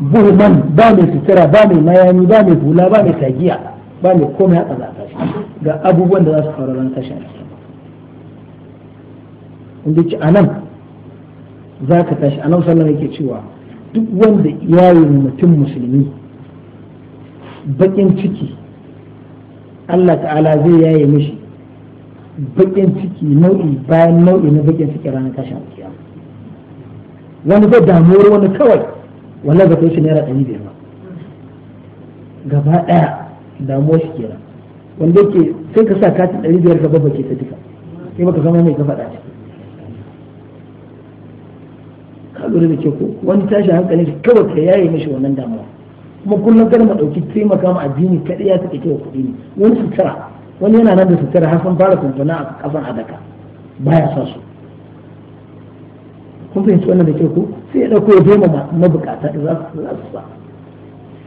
buhuman ba mai sutura ba mai mayani ba mai hula ba mai tagiya ba mai komai a tsazata ga abubuwan da za su faru ranar kashe alkiyama inda ce anan za ka tashi anan sallan yake cewa duk wanda iyayen mutum musulmi bakin ciki Allah ta'ala zai yaye mishi bakin ciki nau'i bayan nau'i na bakin ciki ranar tashin alkiya wani zai damuwar wani kawai wannan zai kai shi naira ɗari biyar ba gaba ɗaya damuwar shi kenan wanda yake sai ka sa katin ɗari biyar ka ke ta duka sai baka zama mai ka ɗaya ciki lura da ke ko wani tashi hankali kawai ka yaye mishi wannan damuwa kuma kullum kada mu dauki taimaka ma addini kadai ya take kewa kuɗi ne wani sutura wani yana nan da sutura har sun fara tuntuna a kasan adaka baya sa su kun fahimci wannan da ke ko sai ya dauko ya taimaka mabukata da za su sa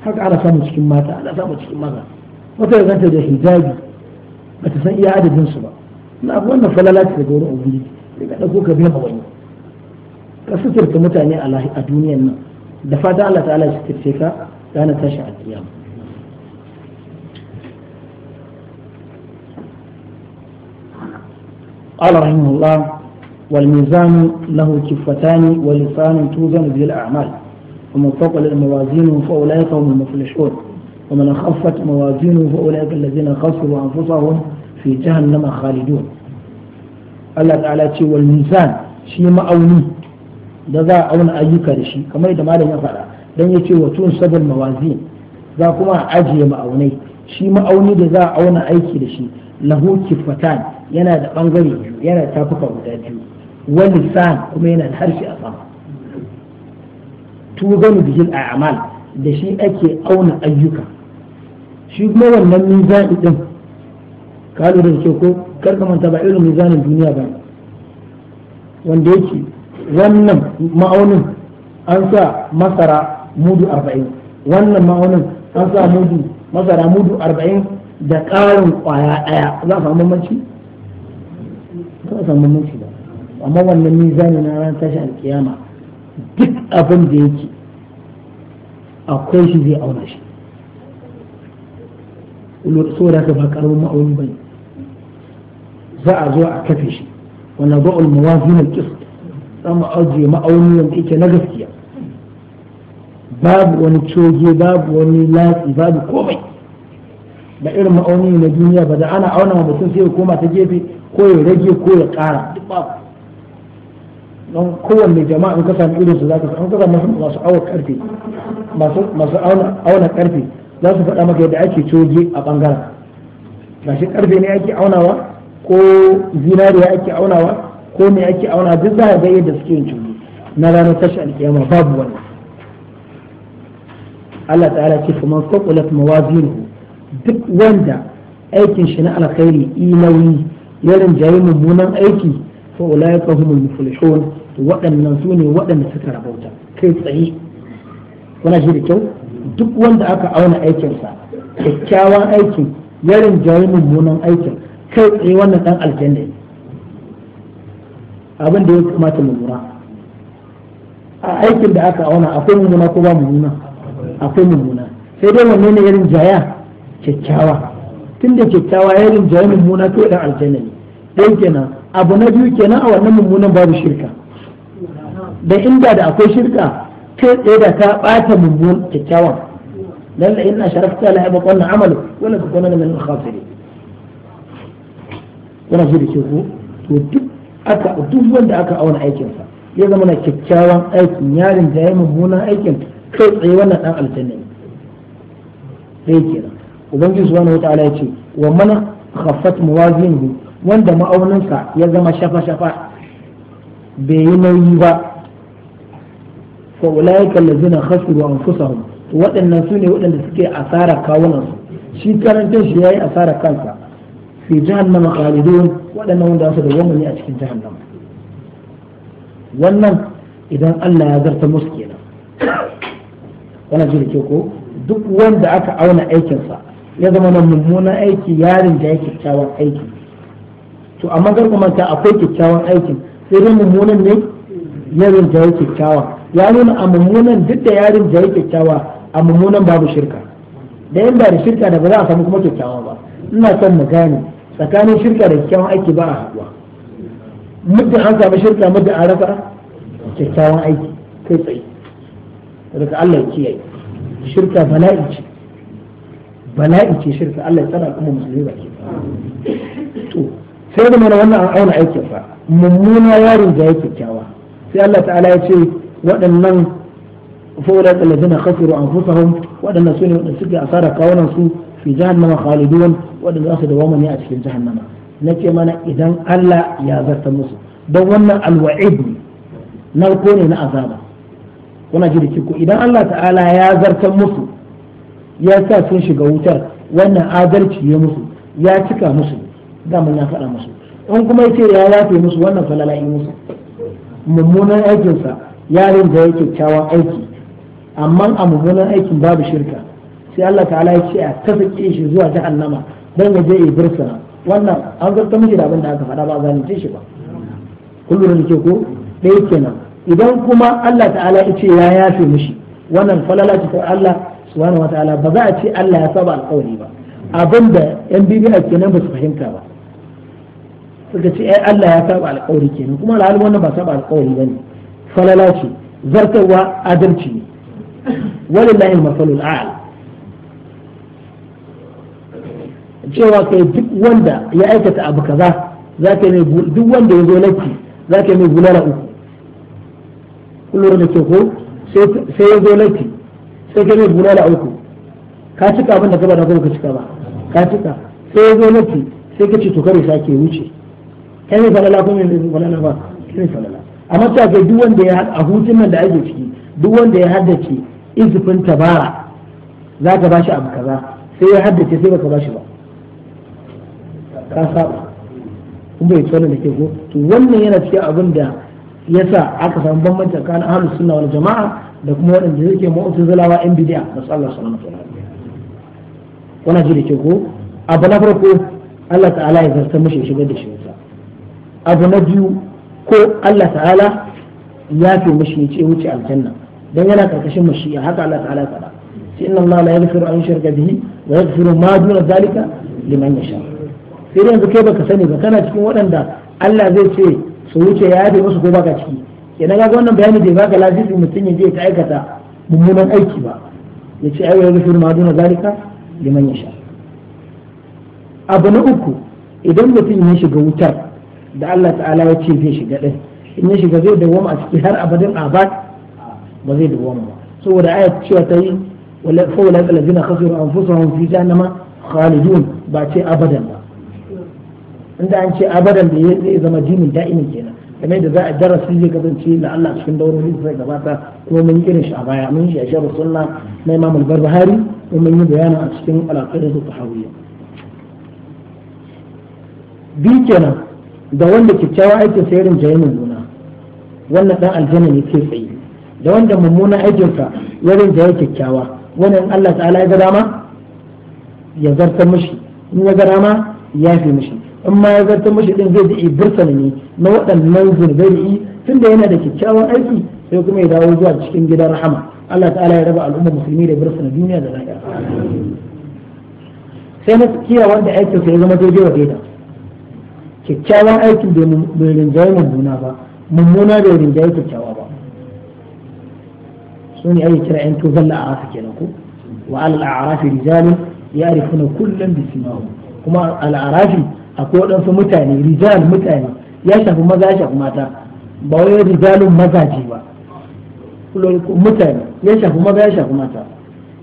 haka ana samu cikin mata ana samu cikin maza wata ya zanta da hijabi ba ta san iya adadin su ba na abu wannan falala ce daga wurin ubangiji sai ka dauko ka biya ma wani ka suturta mutane a duniyan nan da fata Allah ta'ala ya ka tashi a kiyama قال رحمه الله والميزان له كفتان ولسان توزن به الأعمال ومن ثقلت موازينه فأولئك هم المفلحون ومن خفت موازينه فأولئك الذين خسروا أنفسهم في جهنم خالدون الله تعالى والميزان شيء مأوني da za a auna ayyuka da shi kamar da malam ya faɗa dan ya ce wa tun sabal mawazin za kuma a ajiye ma'aunai shi ma'auni da za a auna aiki da shi lahu kifatan yana da bangare yana da tafuka guda biyu wani lisan kuma yana da harshe a sama tu tuzanu bihil a'mal da shi ake auna ayyuka shi kuma wannan mizani din kalu da ke ko karka manta ba irin mizanin duniya ba wanda yake wannan ma'aunin an sa masara mudu arba'in wannan ma'aunin an sa mudu masara mudu arba'in da ƙarin ƙwaya ɗaya za a samu mamanci ba a samu mamanci ba amma wannan mizani na ran tashi alkiyama duk abin da yake akwai shi zai auna shi da ka ba karamin ma'auni ba za a zo a kafe shi wannan ba'ul mawazin al-qist za mu ajiye ma'auni wanda yake na gaskiya babu wani coge babu wani latsi babu komai da irin ma'auni na duniya ba da ana auna mutum sai ya koma ta gefe ko ya rage ko ya ƙara duk babu don kowanne jama'a in ka sami irin su zaka ka kaza masu masu awa karfe masu auna auna karfe za su faɗa maka yadda ake coge a bangaren gashi karfe ne ake aunawa ko zinariya ake aunawa ko me ake auna duk za a ga yadda suke yin cuɗi na ranar tashi alkiyama babu wannan Allah ta'ala ce kuma faqulat mawazinuhu duk wanda aikin shi na alkhairi inawi ya rinjaye mummunan aiki fa ulaika humul muflihun waɗannan su ne waɗanda suka rabauta kai tsaye kuna shi da kyau duk wanda aka auna aikinsa kyakkyawan aikin ya rinjayi mummunan aikin kai tsaye wannan dan aljanna ne abin da ya kamata mu lura a aikin da aka auna akwai mummuna ko ba mummuna akwai mummuna sai dai wanne ne irin jaya kyakkyawa tunda kyakkyawa ya irin jaya mummuna to dan aljanna ne dai kenan abu na biyu kenan a wannan mummunan babu shirka da inda da akwai shirka kai tsaye da ta bata mummun kyakkyawan lalla inna sharafta la yabqa wannan amalu wala takuna min al-khasirin wannan shi da ke ko to duk aka duk wanda aka auna aikinsa ya zama na kyakkyawan aikin yarin da ya mummunan aikin kai tsaye wannan dan aljanna ne sai kenan ubangiji subhanahu wataala ya ce wa man khaffat mawazinuhu wanda ma'auninsa ya zama shafa shafa bai yi nauyi ba fa ulaika allazina khasiru anfusahum waɗannan su ne waɗanda suke asara kawunansu shi karantar shi yayi asara kansa fi jahannama khalidun waɗannan wanda su da ne a cikin jahannama wannan idan Allah ya zarta musu kenan wannan shi ke ko duk wanda aka auna aikinsa ya zama na mummunan aiki yarin da ya kyakkyawan aiki to amma manta akwai kyakkyawan aikin sai dai mummunan ne yarin da ya kyakkyawa ya nuna a mummunan duk da yarin da ya kyakkyawa a mummunan babu shirka da yan da shirka da ba za a samu kuma kyakkyawa ba ina son mu gane tsakanin shirka da kyakkyawan aiki ba a haɗuwa muddin an samu shirka muddin an rasa kyakkyawan aiki kai tsaye daga Allah ya kiyaye shirka bala'i ce bala'i ce shirka Allah ya tsara kuma musulmi ba ke to sai da mana wannan an auna aikin fa mummuna yarin da yake kyakkyawa sai Allah ta'ala ya ce waɗannan fa'ulaka lazina khasiru anfusahum waɗannan sune waɗanda suke asara kawunan su fi jahannama khalidun waɗanda za su dawama ni a cikin jahannama nace mana idan Allah ya zarta musu don wannan alwa'id ne narko ne na azaba kuna ji da kiko idan Allah ta'ala ya zarta musu ya sa sun shiga wutar wannan adalci ya musu ya cika musu daman ya faɗa musu in kuma yace ya yafe musu wannan falala musu mummunan aikinsa yarin da yake kyakkyawan aiki amma a mummunan aikin babu shirka sai Allah ta'ala ya ce a tafi shi zuwa jahannama don ya je ya bursuna wannan an zarta miki da abin da aka faɗa ba zalunce shi ba kullum da ke ko ɗaya kenan idan kuma Allah ta'ala ya ce ya yafe mishi wannan falala ce ta Allah subhanahu wa ta'ala ba za a ce Allah ya saba alƙawari ba abinda yan bibiya kenan ba su fahimta ba suka ce ai eh, Allah ya saba alƙawari kenan kuma alhali wannan ba saba alƙawari bane falala ce zartarwa adalci ne walillahi al-masalul a'la cewa kai duk wanda ya aikata abu kaza za ka mai duk wanda ya zo latti za ka mai bulala uku kullum da ke ko sai ya zo latti sai ka mai bulala uku ka cika abin da ka bada kuma ka cika ba ka cika sai ya zo latti sai ka ce to kare sake wuce kai ne falala ko mai falala ba kai ne falala amma cewa kai duk wanda ya a hutun nan da ake ciki duk wanda ya haddace izufin tabara za ka ba shi abu kaza sai ya haddace sai ka ba shi ba ka saba kun bai tsoron da ke ko to wannan yana cikin abin da ya sa aka samu bambanci tsakanin ahlus sunna wal jama'a da kuma waɗanda suke zalawa yan bid'a da sallar sallallahu alaihi kuna ji da ke ko abu na farko Allah ta'ala ya zartar mishi shigar da shi wuta abu na biyu ko Allah ta'ala ya fi mishi ya ce wuce aljanna dan yana karkashin mashi'a haka Allah ta'ala ya faɗa sai inna Allah la yaghfiru an yushraka bihi wa yaghfiru ma duna zalika liman yasha' sai dai yanzu kai baka sani ba kana cikin waɗanda Allah zai ce su wuce ya yafe musu ko baka ciki kenan ga wannan bayani bai baka lazifi mutum ya je ka aikata mummunan aiki ba ya ce ai yanzu firma duna zalika liman yasha abu na uku idan mutum ya shiga wutar da Allah ta'ala ya ce zai shiga din in ya shiga zai dawoma a ciki har abadin abad ba zai dawoma ba saboda ayat cewa ta yi فأولئك الذين خسروا أنفسهم khalidun ba ce abadan ba. inda an ce abadan da ya zama jinin da'imi kenan kamar da za a darasi zai kasance da Allah cikin daurori da zai gabata kuma mun yi irin shi a baya mun shi a shirin sunna na Imam Al-Barbahari kuma mun yi bayanin a cikin alaƙar su tahawiyya bi kenan da wanda kyakkyawa aikin sayarin irin jayin gona wannan dan aljanna ne ke tsaye da wanda mummunan aikin sa irin jayin kyakkyawa wannan Allah ta'ala ya ga dama ya zartar mishi in ya ga dama ya fi mishi in ma ya zartar mashi din zai da burtsan ne na waɗannan zunubai tun da yana da kyakkyawan aiki sai kuma ya dawo zuwa cikin gidan rahama Allah ta'ala ya raba al'umma musulmi da burtsan duniya da lafiya sai na tsakiya wanda aikin sai ya zama daidai wa daida kyakkyawan aikin bai rinjaye mummuna ba mummuna bai rinjaye kyakkyawa ba su ne ake kira yan tozalla a haka kenan ko wa al'arafi rijalin ya arifuna kullum bisimahum kuma al'arafi akwai waɗansu mutane rijal mutane ya shafi maza ya shafi mata ba wai rijalun mazaje ba mutane ya shafi maza ya shafi mata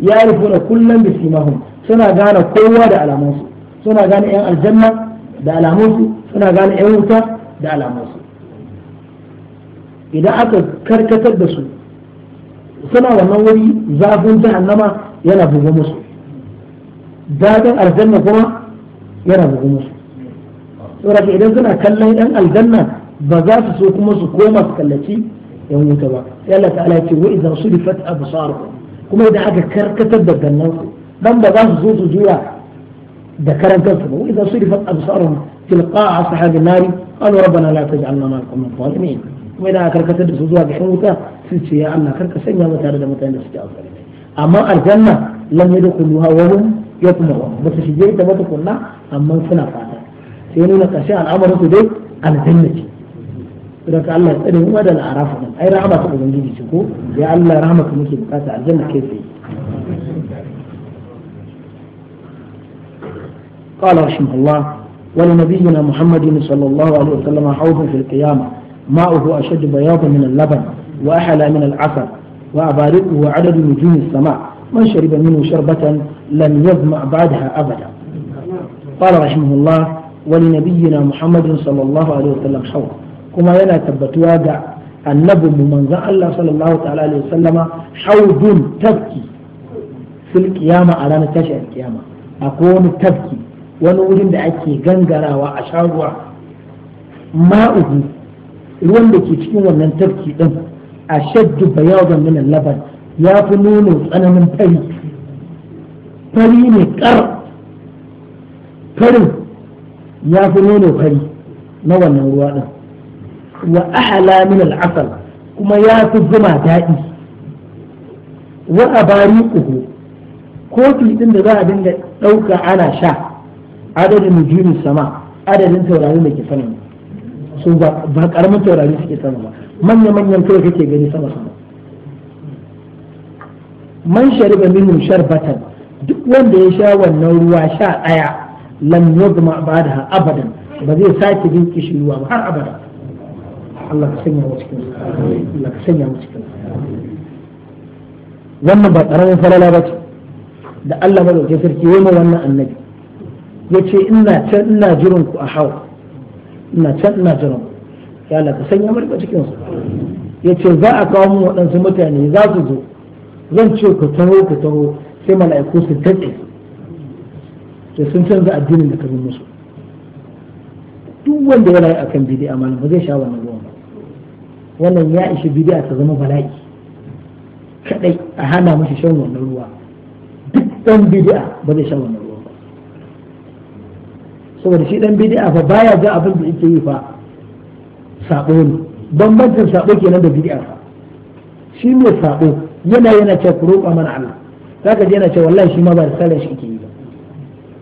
ya rufuna kullum da simahun suna gane kowa da alamansu suna gane yan aljanna da alamansu suna gane yan wuta da alamansu idan aka karkatar da su suna wannan wuri zafin jahannama yana bugu musu dadin aljanna kuma yana bugu musu saboda idan suna kallon yan aljanna ba za su so kuma su koma su kallaci yan wuta ba sai Allah ta'ala ce wa idza sulifat absaruhum kuma idan aka karkatar da gannansu dan ba za su so su juya da karantar su ba wa idza sulifat absaruhum tilqa'a ashabin nari qalu rabbana la taj'alna ma'al qawmi zalimin kuma idan aka karkatar da su zuwa ga yan wuta sun ce ya Allah karka sanya mu tare da mutanen da suke azalimi amma aljanna lam yadkhuluha wa hum yatma'un ba su shige ta ba tukunna amma suna fara sai nuna ƙarshen al'amarin su dai aljanna don ka Allah tsare mu da al'arafa din ai rahama ta ubangiji ce ko ya Allah rahama ka muke bukata aljanna kai tsaye قال رحمه الله ولنبينا محمد صلى الله عليه وسلم حوض في القيامة ماؤه أشد بياضا من اللبن وأحلى من العسل وأبارقه عدد نجوم السماء من شرب منه شربة لم يظمأ بعدها أبدا قال رحمه الله ولنبينا محمد صلى الله عليه وسلم حول كما ينا تبتوا دا النبي من ذا الله صلى الله تعالى عليه وسلم حوض تبكي في القيامة على نتاشع القيامة أكون تبكي ونقول da ake gangarawa a sha ruwa ma'uhu ruwan da ke cikin wannan tafki din a shaddu bayawan min laban ya fi nono tsananin fari fari ne kar farin ya fi nono fari na wannan ruwa ɗin wa ahala min al'asal kuma ya fi zuma daɗi wa bari uku kofi ɗin da za a dinga ɗauka ana sha adadin mujirin sama adadin taurari da ke sama su ba karamin taurari suke sama ba manya-manyan kawai kake gani sama-sama man shari'a minhum sharbatan duk wanda ya sha wannan ruwa sha ɗaya lam yudma ba'daha abadan ba zai sake jin kishirwa ba har abada Allah ka sanya mu Allah ka sanya wannan ba karamin falala ba ce da Allah madaukakin sarki yayi wannan annabi yace ina can ina jiran ku a hawa ina can ina jiran ku ya Allah ka sanya cikin za a kawo min waɗansu mutane za su zo zan ce ku taho ku taho sai mala'iku su tatse sai sun canza addinin da ka zo musu duk wanda ya rayu akan bid'a malam ba zai sha wannan ruwan ba wannan ya ishi bid'a ta zama bala'i kadai a hana mashi shan wannan ruwa duk dan bid'a ba zai sha wannan ruwa ba saboda shi dan bid'a fa baya ga abin da yake yi fa sabo ne bambancin sabo kenan da bid'a fa shi ne sabo yana yana cewa ku roƙa mana Allah zaka je yana cewa wallahi shi ma ba da salashi shi yake yi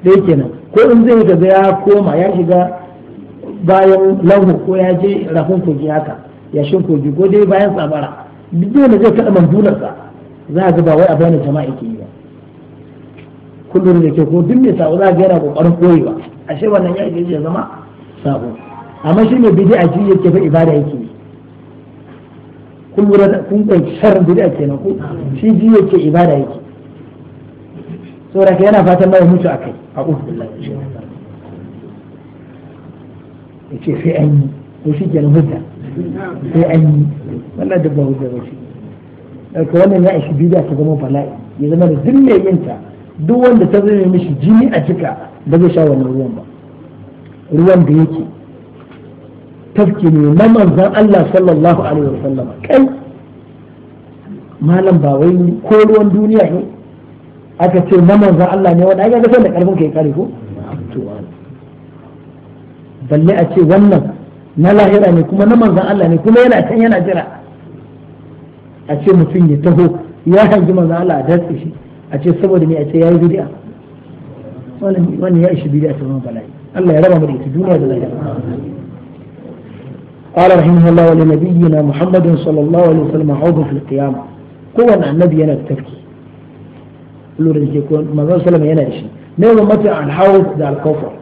dai kenan ko in zai ga ya koma ya shiga bayan lauhu ko ya je rafin kogi haka ya shin kogi ko dai bayan tsabara duk da zai kada mandularsa za a ga ba wai a bayan jama'a ke yi ba kullum da ke ko duk mai sabo za ga yana kokarin ba ashe wannan ya je ya zama sabo amma shi bidi a ji yake fa ibada yake yi kun lura kun kai sharri bid'a kenan ko shi ji yake ibada yake saboda ka yana fatan mai mutu akai a uku da ya ce sai an yi ko shi kenan hujja sai an yi wannan duk ba hujja ba shi daga wannan ya ishi bidiya ta zama bala'i ya zama da duk mai yinta duk wanda ta zama mishi jini a jika ba zai sha wannan ruwan ba ruwan da yake tafki ne na manzan Allah sallallahu alaihi wasallam kai malam ba wai ko ruwan duniya ne aka ce na manzon Allah ne wanda aka ga sai da karfin ka ya kare ko to balle a ce wannan na lahira ne kuma na manzon Allah ne kuma yana can yana jira a ce mutum ya taho ya hangi manzon Allah a datse shi a ce saboda ne a ce yayi bid'a wannan ya ishi bid'a ta zama bala'i Allah ya raba mu da ita duniya da lahira قال رحمه الله ولنبينا محمد صلى الله عليه وسلم عوض في القيامة قوة النبي أنا التفكير lura da ke ko manzon sallama yana da shi ne ba mata alhawf da alkawfar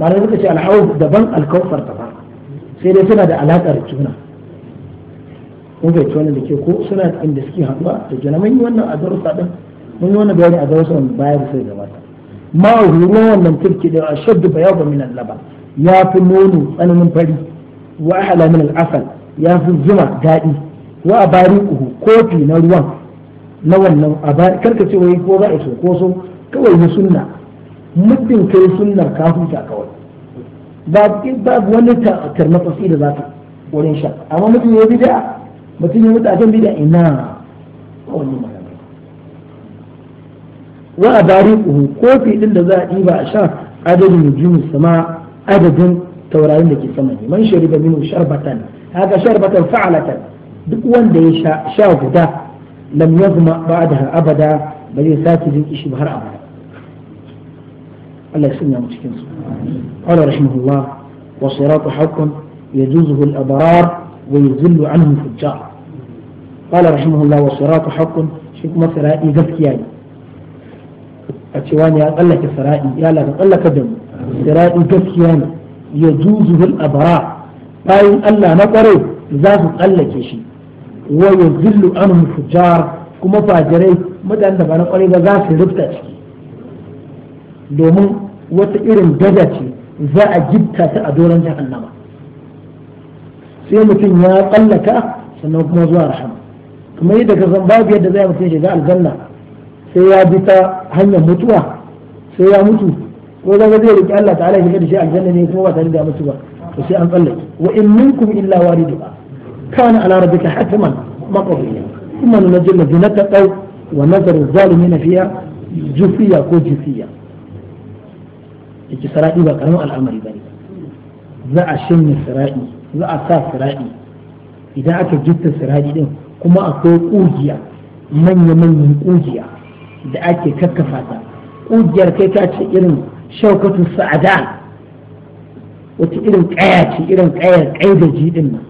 malamai suka ce alhawf daban alkawfar daban sai dai suna da alaƙar juna kun fahimci wannan da ke ko suna inda suke haɗuwa da juna mun yi wannan a darussa din mun yi wannan bayani a darussa mun bayar sai da mata ma ruwan wannan turki da ashaddu bayaba min al ya fi nono tsananin fari wa ahala min al-asal ya fi zuma daɗi wa bariquhu kofi na ruwan na wannan a bayan karka ce wai ko za a so ko so kawai na sunna muddin kai sunnar ka huta kawai ba wani fasi da za ka wurin sha amma mutum ya bi da mutum ya mutu a kan bida ina wani magana wa a bari uhu kofi din da za a diba a sha adadin mujimin sama adadin taurarin da ke sama ne man shariba minu sharbatan haka sharbatan fa'alatan duk wanda ya sha guda لم يظما بعدها ابدا بل يساتي من شيء بهر ابدا الله يسلم يا مشكين قال رحمه الله وصراط حق يجوزه الابرار ويذل عنه الفجار قال رحمه الله وصراط حق شيك مثلا يذكي يعني أتواني أقل لك سرائي يا لك أقل لك دم سرائي ذكي يعني. يجوزه الأبرار قال ألا نقره ذاك أقل لك شيء wayo zillu an fujar kuma fajirai mutan da ba na kwarai ba za su rufta ciki domin wata irin daga ce za a gitta ta a doron jahannama sai mutum ya tsallaka sannan kuma zuwa rahama kuma yadda ka zan babu yadda zai mutum shiga aljanna sai ya bi ta hanyar mutuwa sai ya mutu ko zaka zai riƙe Allah ta'ala ya shiga da shi aljanna ne kuma ba tare da mutuwa? ba sai an tsallake wa in minkum illa wariduha kana ala rabbika hatman maqdiya thumma nunajji alladhina taqaw wa nadharu na fiya fiha jufiya ko jufiya yake sara'i ba karamin al'amari bane za shanye sira'i za'a sa sira'i idan aka gitta sira'i ɗin kuma akwai ƙugiya manya-manyan kugiya da ake kakkafa ta ƙugiyar kai ta ce irin shaukatu sa'ada wata irin kaya ce irin kayar kai da jidin nan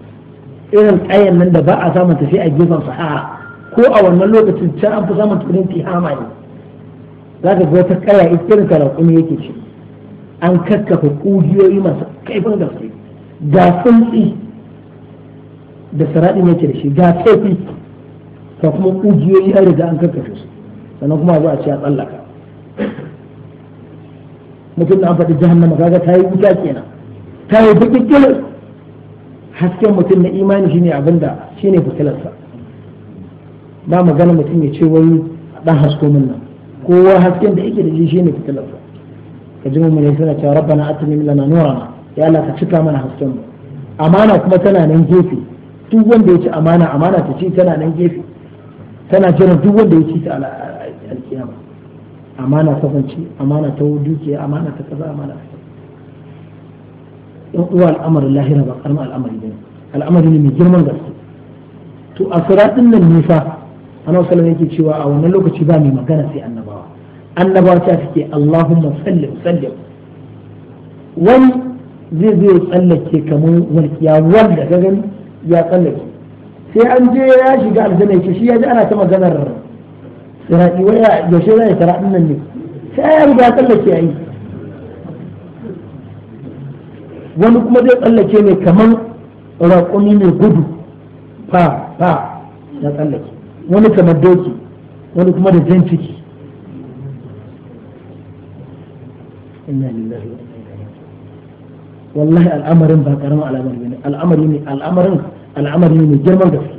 irin tsayen nan da ba a samun tafi a gefen sahara ko a wannan lokacin can an fi samun turin tihama ne za ka ga wata kaya irin karakuni yake ce an kakkafa kugiyoyi masu kaifin gaske ga tsuntsi da saradin yake da shi ga tsofi ka kuma kugiyoyi an riga an kakkafe su sannan kuma zuwa ce a tsallaka mutum da an faɗi jihannama kaga ta yi wuta kenan ta yi baƙi hasken mutum na imani shine abinda shine fitilarsa ba magana mutum ya ce wani dan hasko min nan kowa hasken da yake da shi shine fitilarsa ka ji mu ne suna cewa rabbana min lana nurana ya Allah ka cika mana hasken mu amana kuma tana nan gefe duk wanda ya ci amana amana ta ci tana nan gefe tana jiran duk wanda ya ci ta alƙiyama amana ta kwanci amana ta dukiya amana ta kaza amana ta Yan uwa al'amarin lahira ba karamin al'amari ne al'amari ne mai girman gaske to a siratin nan nisa annabi sallallahu yake cewa a wannan lokaci ba mai magana sai annabawa annabawa ta suke Allahumma sallim sallim wani zai zai tsallake kamar walkiya wanda ga gani ya tsallake sai an je ya shiga aljanna yake shi ya ji ana ta maganar sirati waya yaushe zai siratin nan ne sai ya riga ya tsallake yi. wani kuma zai tsallake mai kamar raƙumi mai gudu fa fa ya tsallake wani kamar doki wani kuma da jan ciki wallahi al'amarin ba karamin al'amari ne al'amari ne al'amarin al'amari ne mai girman gaske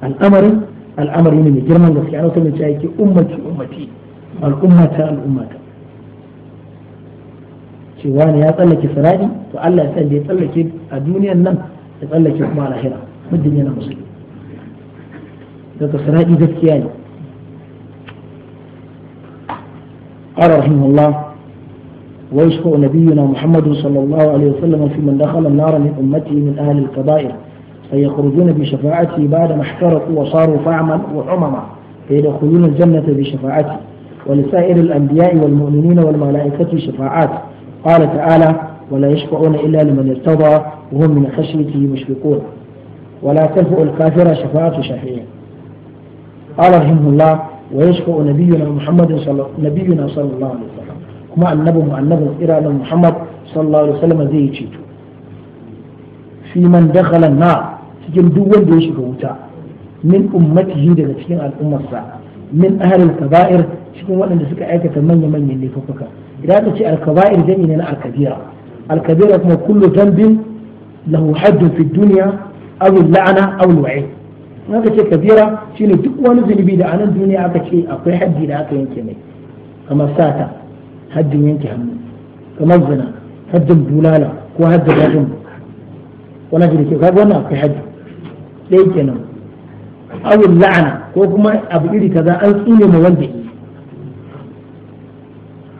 al'amarin al'amari ne mai girman gaske an so mai ce yake ummati ummati al'ummata al'ummata ce wani ya tsallake sirari to Allah ya tsallake tsallake a duniyan nan ya tsallake kuma a lahira muddin yana musulmi daga sirari gaskiya ne قال رحمه الله ويشفع نبينا محمد صلى الله عليه وسلم في من دخل النار من أمته من أهل الكبائر فيخرجون بشفاعتي بعد ما احترقوا وصاروا فعما وعمما فيدخلون الجنة بشفاعتي ولسائر الأنبياء والمؤمنين والملائكة شفاعات قال تعالى ولا يشفعون إلا لمن ارتضى وهم من خشيته مشفقون ولا تنفع الكافر شفاعة شافعين قال رحمه الله ويشفع نبينا محمد صلى نبينا صلى الله عليه وسلم كما النبي معنبه إلى محمد صلى الله عليه وسلم زي تشيتو في من دخل النار cikin duk wanda ya shiga wuta min ummatihi daga cikin al'ummarsa min ahlil kaba'ir cikin waɗanda suka aikata manya-manyan laifuka idan aka ce alkaba'ir jami ne na alkabira alkabira kuma kullu dambin lahu haddun fi duniya aw la'ana aw wa'i in aka ce kabira shine duk wani zunubi da anan duniya aka ce akwai haddi da aka yanke mai kamar sata haddin yanke hannu kamar zina haddin bulala ko haddin rajin wani da ke kaga wannan akwai haddi ɗaya kenan aw la'ana ko kuma abu iri kaza an tsine ma wanda yi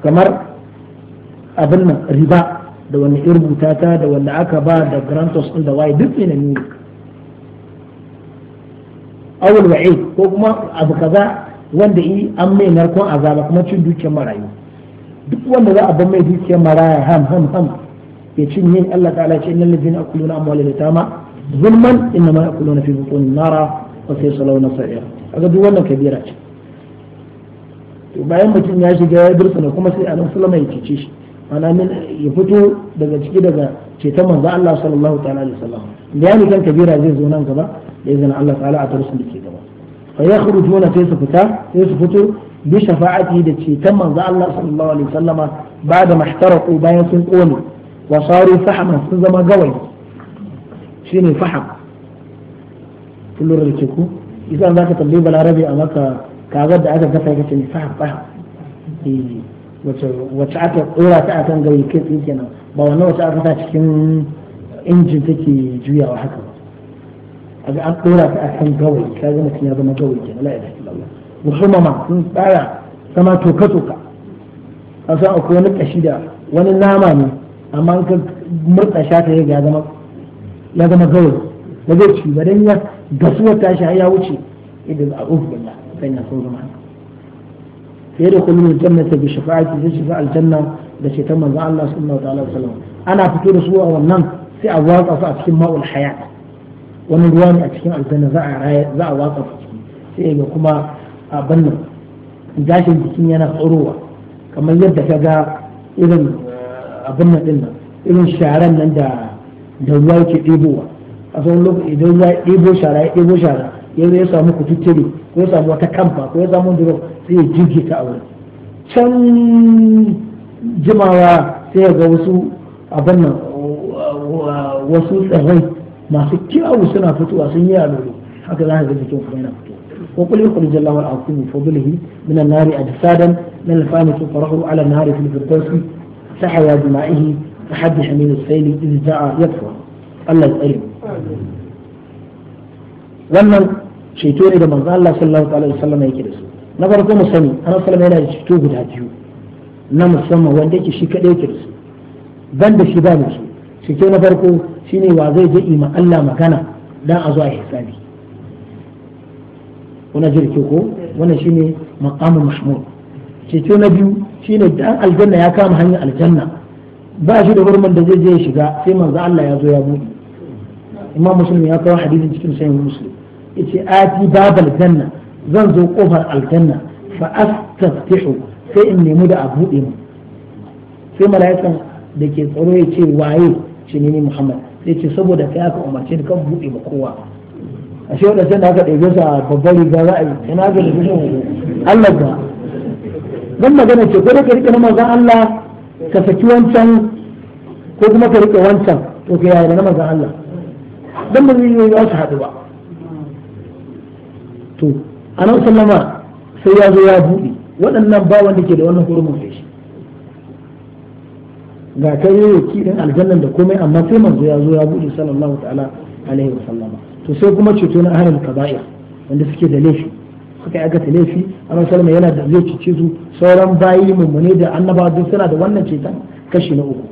kamar abin nan riba da wani ya da wanda aka ba da grantos ɗin da waye duk ne ne awul wa'i ko kuma abu kaza wanda yi an mai narkon azaba kuma cin dukiyar marayu duk wanda za a ban mai dukiyar maraya ham ham ham ya cinye Allah ta'ala ce innal ladina akuluna amwal al-yatama zulman innama yakuluna fi butunin nara wa sayaslawna sa'ira kaga duk wannan kabira ce bayan mutum ya shiga ya dursuna kuma sai annabi sallama ya cece shi ana min ya fito daga ciki daga ceton manzo Allah sallallahu ta'ala alaihi wasallam bayani kan kabira zai zo nan gaba da izinin Allah ta'ala a darsin da gaba fa yakhrujuna sai su fita sai su fito bi shafa'ati da ceton manzo Allah sallallahu alaihi wasallama ba'da mahtaraqu bayan sun kone wa saru fahman sun zama gawai shine faham kullur da ke ku idan zaka tambayi balarabe a maka kagar da aka gasa ita ce ba eh, wacce aka tsora ta kan gari kai tsaye kenan ba wannan wacce aka sa cikin injin take juyawa haka ba kaga an tsora ta kan gawai kaga cikin ya zama gawai kenan la ilaha illallah ma sun tsara sama toka toka an san akwai wani kashi da wani nama ne amma an ka murɗa shata ya yaga ya zama gawai ba zai ci ba don ya gasuwar tashi ya wuce idan a ofin billah kan ya so zama sai da kullum jannata shiga aljanna da ce ta manzo Allah sallallahu ana fito da su a wannan sai a watsa su a cikin ma'ul wani ruwa ne a cikin aljanna za a raya za a watsa su ciki sai ga kuma a bannan gashin jikin yana tsorowa kamar yadda ka ga irin abin nan irin sharan nan da ruwa a ɗebo shara shara ya ya samu kututtuli ko ya samu wata kamfa ko ya samu duro sai ya jirge ta a wurin can jimawa sai ya ga wasu abin nan wasu tsirrai masu kyawu suna fitowa sun yi alolo haka za ka ga jikin kuma yana fitowa ko kuli kulli jalla wal aqum min fadlihi min an-nari adsadan min al-fami tuqrahu ala an-nari fil firdausi sahaya bima'ihi tahaddi hamil as-sayl idza ja'a yadfa Allah ya tsare wannan ceto ne da manzo Allah sallallahu alaihi wasallam yake da su na farko mu sani annabi sallallahu yana da ceto guda biyu na musamman wanda yake shi kadai yake da su ban da shi babu su ceto na farko shine wa zai je ima Allah magana dan a zo a hisabi wannan jirki ko wannan shine maqamul mahmud ceto na biyu shine dan aljanna ya kama hanyar aljanna ba shi da hurman da zai je ya shiga sai manzo Allah ya zo ya buɗe imam muslim ya kawo hadisin cikin sahih muslim yace ati babal janna zan zo kofar aljanna fa astaftihu sai in nemi da abu buɗe mu sai mala'ikan da ke tsaro ya ce waye ce ne muhammad sai ce saboda kai aka umarce da kan buɗe ma kowa a shi wadda sai da aka ɗaibe sa babbar riga za a yi ina ga da bishin Allah ba dan magana ce ko da ka rike na manzon Allah ka saki wancan ko kuma ka rike wancan to ka yaya na manzon Allah dan ba zai yi wasu haɗu ba to a nan sallama sai ya zo ya buɗe waɗannan ba wanda ke da wannan hurumin sai shi ga kai yayi kidin aljannan da komai amma sai manzo ya zo ya buɗe sallallahu ta'ala alaihi wa sallama to sai kuma ceto na ahalin kaba'ir wanda suke da laifi suka aka ta laifi nan sallama yana da zai cice su sauran bayi mummune da annaba duk suna da wannan ceton kashi na uku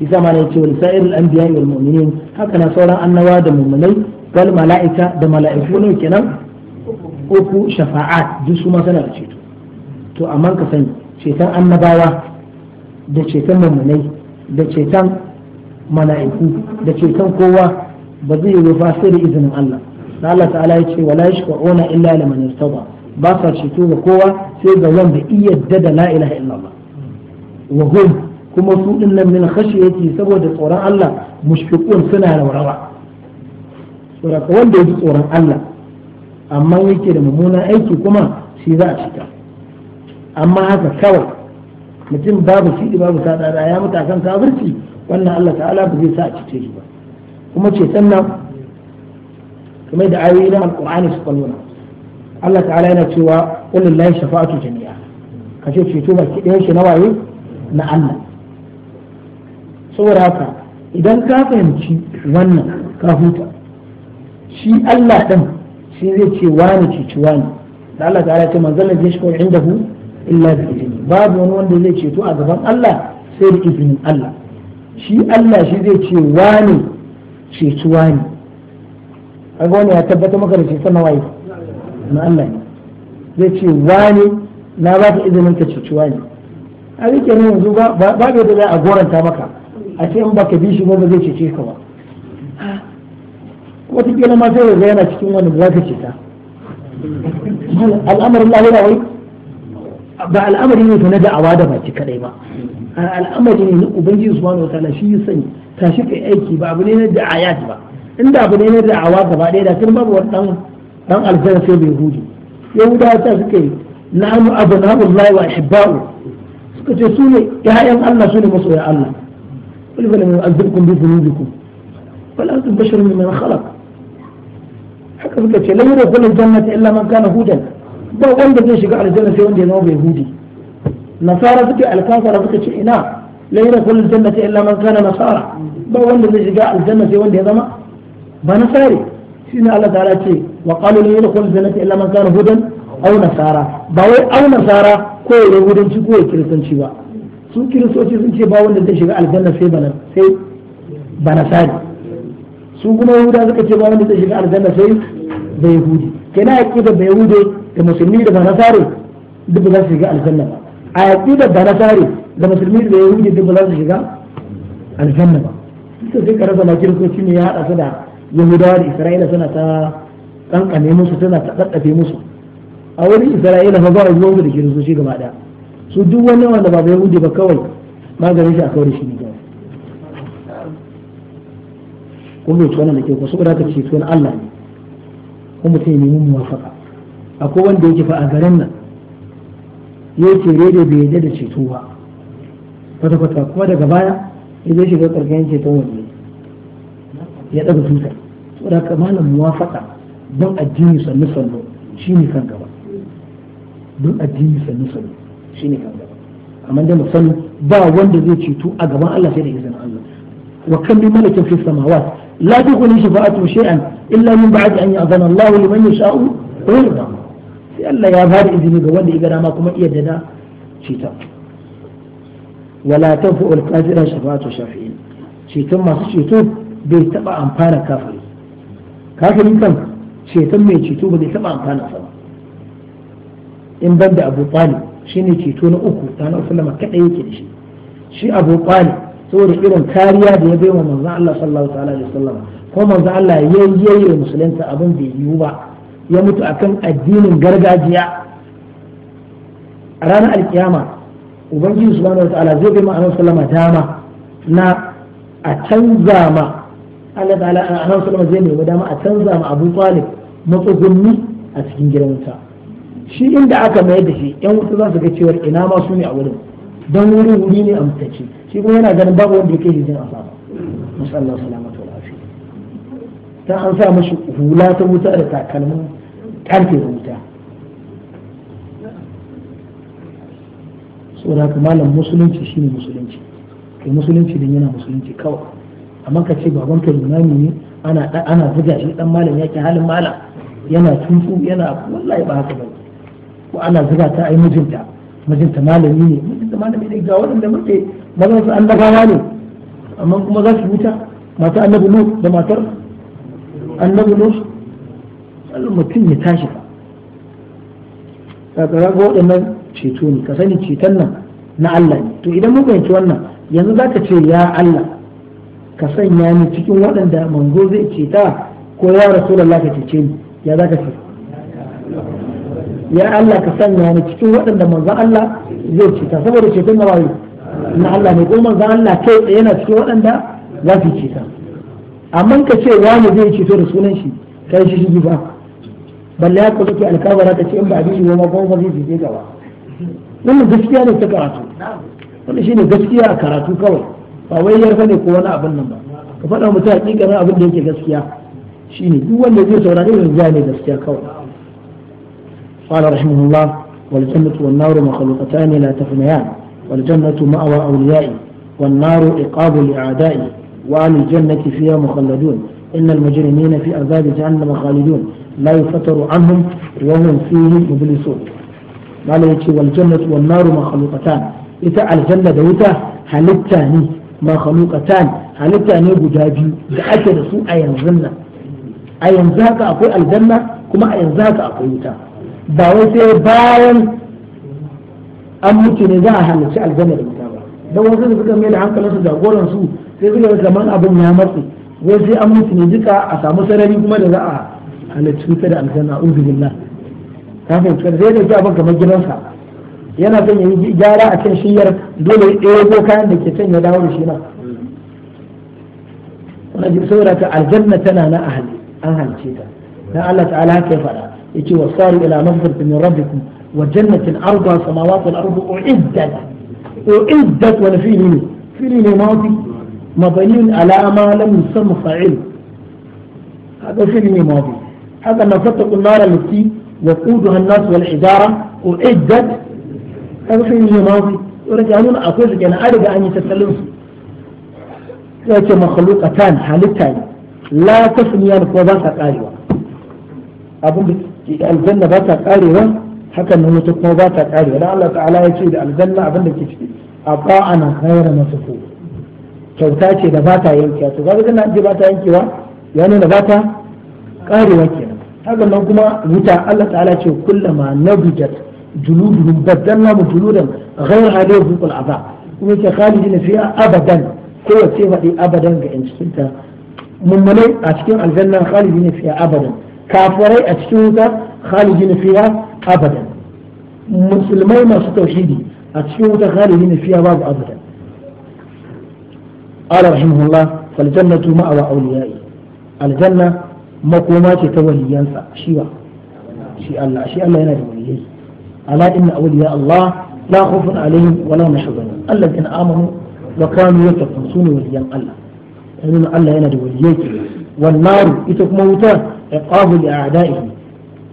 isa ma na ce wal sa'irul anbiya wal mu'minin haka na sauran annawa da mummunai wal mala'ika da mala'iku ne kenan ko shafa'a duk su ma suna da ceto to amma ka sani ceton annabawa da ceton mamunai da ceton mala'iku da ceton kowa ba zai yi fa sai da izinin Allah da Allah ta'ala ya ce wala yashfa'una illa liman irtada ba sa ceto ga kowa sai ga wanda iyadda da la ilaha illallah wa hum kuma su dinnan min khashiyati saboda tsoron Allah mushfiqun suna rawa saboda wanda ya tsoron Allah amma yake da mummunan aiki kuma shi za a cika amma haka kawai mutum babu shi babu da ya mutu akan kafirci wannan Allah ta'ala ba zai sa a cike shi ba kuma ce sannan kamar da ayoyi na alqur'ani su kalluna Allah ta'ala yana cewa a lillahi shafa'atu jami'a kace ceto ba ki ɗaya shi na waye na Allah saboda haka idan ka fahimci wannan ka huta shi Allah ɗin shi zai ce wani cici wani da Allah ta'ala ce da shi kawai inda indahu illa bi izini babu wani wanda zai ceto a gaban Allah sai da izinin Allah shi Allah shi zai ce wani cici wani kaga wani ya tabbata maka da ceton waye na Allah ne zai ce wani na ba ka izinin ka cici wani a rike ne yanzu ba ba da za a goranta maka a ce in baka bi shi ba zai cece ka ba wataƙila ma sai yana cikin wani za ka ce ta al'amarin lahira wai ba al'amari ne na da'awa da baki kadai ba al'amari ne na ubangiji subhanahu wataala shi ya tashi kai aiki ba abu ne na ba inda abu ne na da'awa gaba ɗaya da tun babu wani dan dan aljanna sai bai hudu yahudawa ta suka yi na'amu abna'ullahi wa ahibba'u suka ce su ne ya'yan Allah su ne masoya Allah قل فلم يعذبكم بذنوبكم بل انتم بشر ممن خلق haka suka ce lai da kullum jannati illa man kana hudan ba wanda zai shiga aljanna sai wanda ya zama bai hudi nasara suke alkafara suka ce ina lai da kullum jannati illa man kana nasara ba wanda zai shiga aljanna sai wanda ya zama ba nasari shine Allah ta'ala ce wa qalu lai da kullum jannati illa man kana hudan au nasara ba wai au nasara ko ya hudanci ko ya kiristanci ba su kiristoci sun ce ba wanda zai shiga aljanna sai ba sai ba nasari su kuma yahuda suka ce ba wanda zai shiga aljanna sai da yahudi kenan aqida da yahudi da musulmi da nasare duk ba za su shiga aljanna ba a da nasare da musulmi da yahudi duk ba za su shiga aljanna ba to sai ka rasa ma ko shine ya hada su da yahudawa da isra'ila suna ta kankane musu tana ta daddafe musu a wurin isra'ila fa ba a zuwa da kiristoci gaba daya su duk wani wanda ba yahudi ba kawai maganin shi a kawar shi ne kun bai wannan da ke ku saboda haka ceto na Allah ne Ko mutum ya nemi muwafaka akwai wanda yake fa a garin nan ya ce rede bai yadda da ceto ba kwata kwata kuma daga baya ya zai shiga karkashin ceto wanne ya daga tutar saboda haka malam muwafaka don addini sannu sannu shi ne kan gaba don addini sannu sannu shi ne kan gaba amma dai mu san ba wanda zai ceto a gaban Allah sai da izinin Allah wa kan bi malakin fi samawat لا تغني شفاعته شيئا إلا من بعد أن يأذن الله لمن يشاء ويرضى sai Allah ya bada izini ga wanda ya gada ma kuma iya dada cita wala tanfu al-qadira shafa'atu shafi'in ceton masu cito bai taba amfana kafiri Kafiri kan ceton mai cito bai zai taba amfana sa in banda Abu Talib shine cito na uku ta na sallama kadai yake da shi shi Abu Talib saboda irin kariya da ya baiwa manzon Allah sallallahu ta'ala alaihi wasallam ko manzon Allah ya yi musulunta abin bai yiwu ba ya mutu akan addinin gargajiya a ranar alkiyama ubangiji subhanahu wa ta'ala zai bai ma'anar sallama dama na a canza ma Allah ta'ala sallama zai nemi dama a canza ma Abu Talib matsugunni a cikin gidan wuta shi inda aka mayar da shi yan wuta za su ga cewa ina ma su ne a wurin don wurin wuri ne a amintacce shi kuma yana ganin babu wanda yake jin sama musallan salamatu wa lafiya ta an sa mashi hula ta wuta da takalmin tante da wuta so da malam musulunci shine musulunci kai musulunci dan yana musulunci kawai amma ka ce baban ka limami ne ana ana buga shi dan malam yake halin malam yana tuntu yana wallahi ba haka ba ko ana zuga ta ai mijinta mijinta malami ne mijinta malami ne ga da muke mazan su annabawa ne amma kuma za su wuta mata annabi nuh da matar annabi nuh mutum ya tashi ka ga waɗannan ceto ne ka sani ceton nan na Allah ne to idan mun fahimci wannan yanzu za ka ce ya Allah ka sanya ni cikin waɗanda manzo zai ceta ko ya da ka cece ni ya za ka ce ya Allah ka sanya ni cikin waɗanda manzo Allah zai ceta saboda ceton na wayo na Allah ne goma za Allah kai tsaye yana cikin waɗanda za su ceta amma ka ce wani zai cito da sunan shi kai shi shi ba balle ya kazo ke alkabara ka ce in ba abin yi ma ba zai je gaba wannan gaskiya ne ta karatu wannan shine gaskiya a karatu kawai ba wai yarfa ne ko wani abin nan ba ka faɗa mutum hakikanin abin da yake gaskiya shine duk wanda zai saurari da ne gaskiya kawai قال رحمه الله والجنة والنار مخلوقتان لا تفنيان والجنة مأوى أوليائي والنار إقاب لأعدائي وأهل الجنة فيها مخلدون إن المجرمين في عذاب جهنم خالدون لا يفتر عنهم وهم فيه مبلسون قال يكي والجنة والنار مخلوقتان إذا الجنة دوتا هلتاني مخلوقتان هلتاني بجاجي تأكد سوء ينزلنا a yanzu haka akwai aljanna kuma a yanzu haka akwai wuta ba wai sai bayan an mutu ne za a halarci aljanna da wuta ba wasu da suka mai da hankalinsu jagoran su sai suka ga kamar abin ya matsi wai sai an mutu ne duka a samu sarari kuma da za a halarci mutu da aljanna uzu billah ka fahimci sai da ke abin kamar gidansa yana son ya yi gyara a kan shiyar dole ya ɗebo kayan da ke can ya dawo da shi na wani jin saboda ta aljanna tana na an halice ta dan Allah ta'ala haka ya faɗa yace wasaru ila maghfiratin min rabbikum وجنة الأرض والسماوات والأرض أعدت أعدت ولا في لي ماضي مبني على ما لم يسمى فاعل هذا لي ماضي هذا ما فتق النار التي وقودها الناس والحجارة أعدت هذا لي ماضي يرجعون أقول لك أنا أرجع أن يتسلموا لكن مخلوقتان حالتان لا تفنيان فوضاك أقول أبو الجنة باتك قارئة hakan nan wata kuma ba ta kare dan Allah ta'ala ya ce da aljanna abin da ke ciki abba ana khayra masafu kyauta ce da ba ta yankewa to kaga kana ji ba ta yankewa ya nuna ba ta karewa kenan hakan nan kuma wuta Allah ta'ala ce kullama nabijat juluduhum badalna mu juludan ghayra alayhi fil aza kuma ke khalidina fiha abadan kowace faɗi abadan ga 'yan cikinta mummune a cikin aljanna khalidi ne fiye abadan kafirai a cikin wuta خالدين فيها أبدا مسلمين ما توحيدي أتشوت خالدين فيها باب أبدا قال رحمه الله فالجنة مأوى أوليائي الجنة مقومات توليانسا شيوا شيء الله شيء الله ينادي وليه ألا إن أولياء الله لا خوف عليهم ولا هم الذين آمنوا وكانوا يتقون وليا الله يعني الله ينادي وليه والنار إتكم موتا عقاب لأعدائهم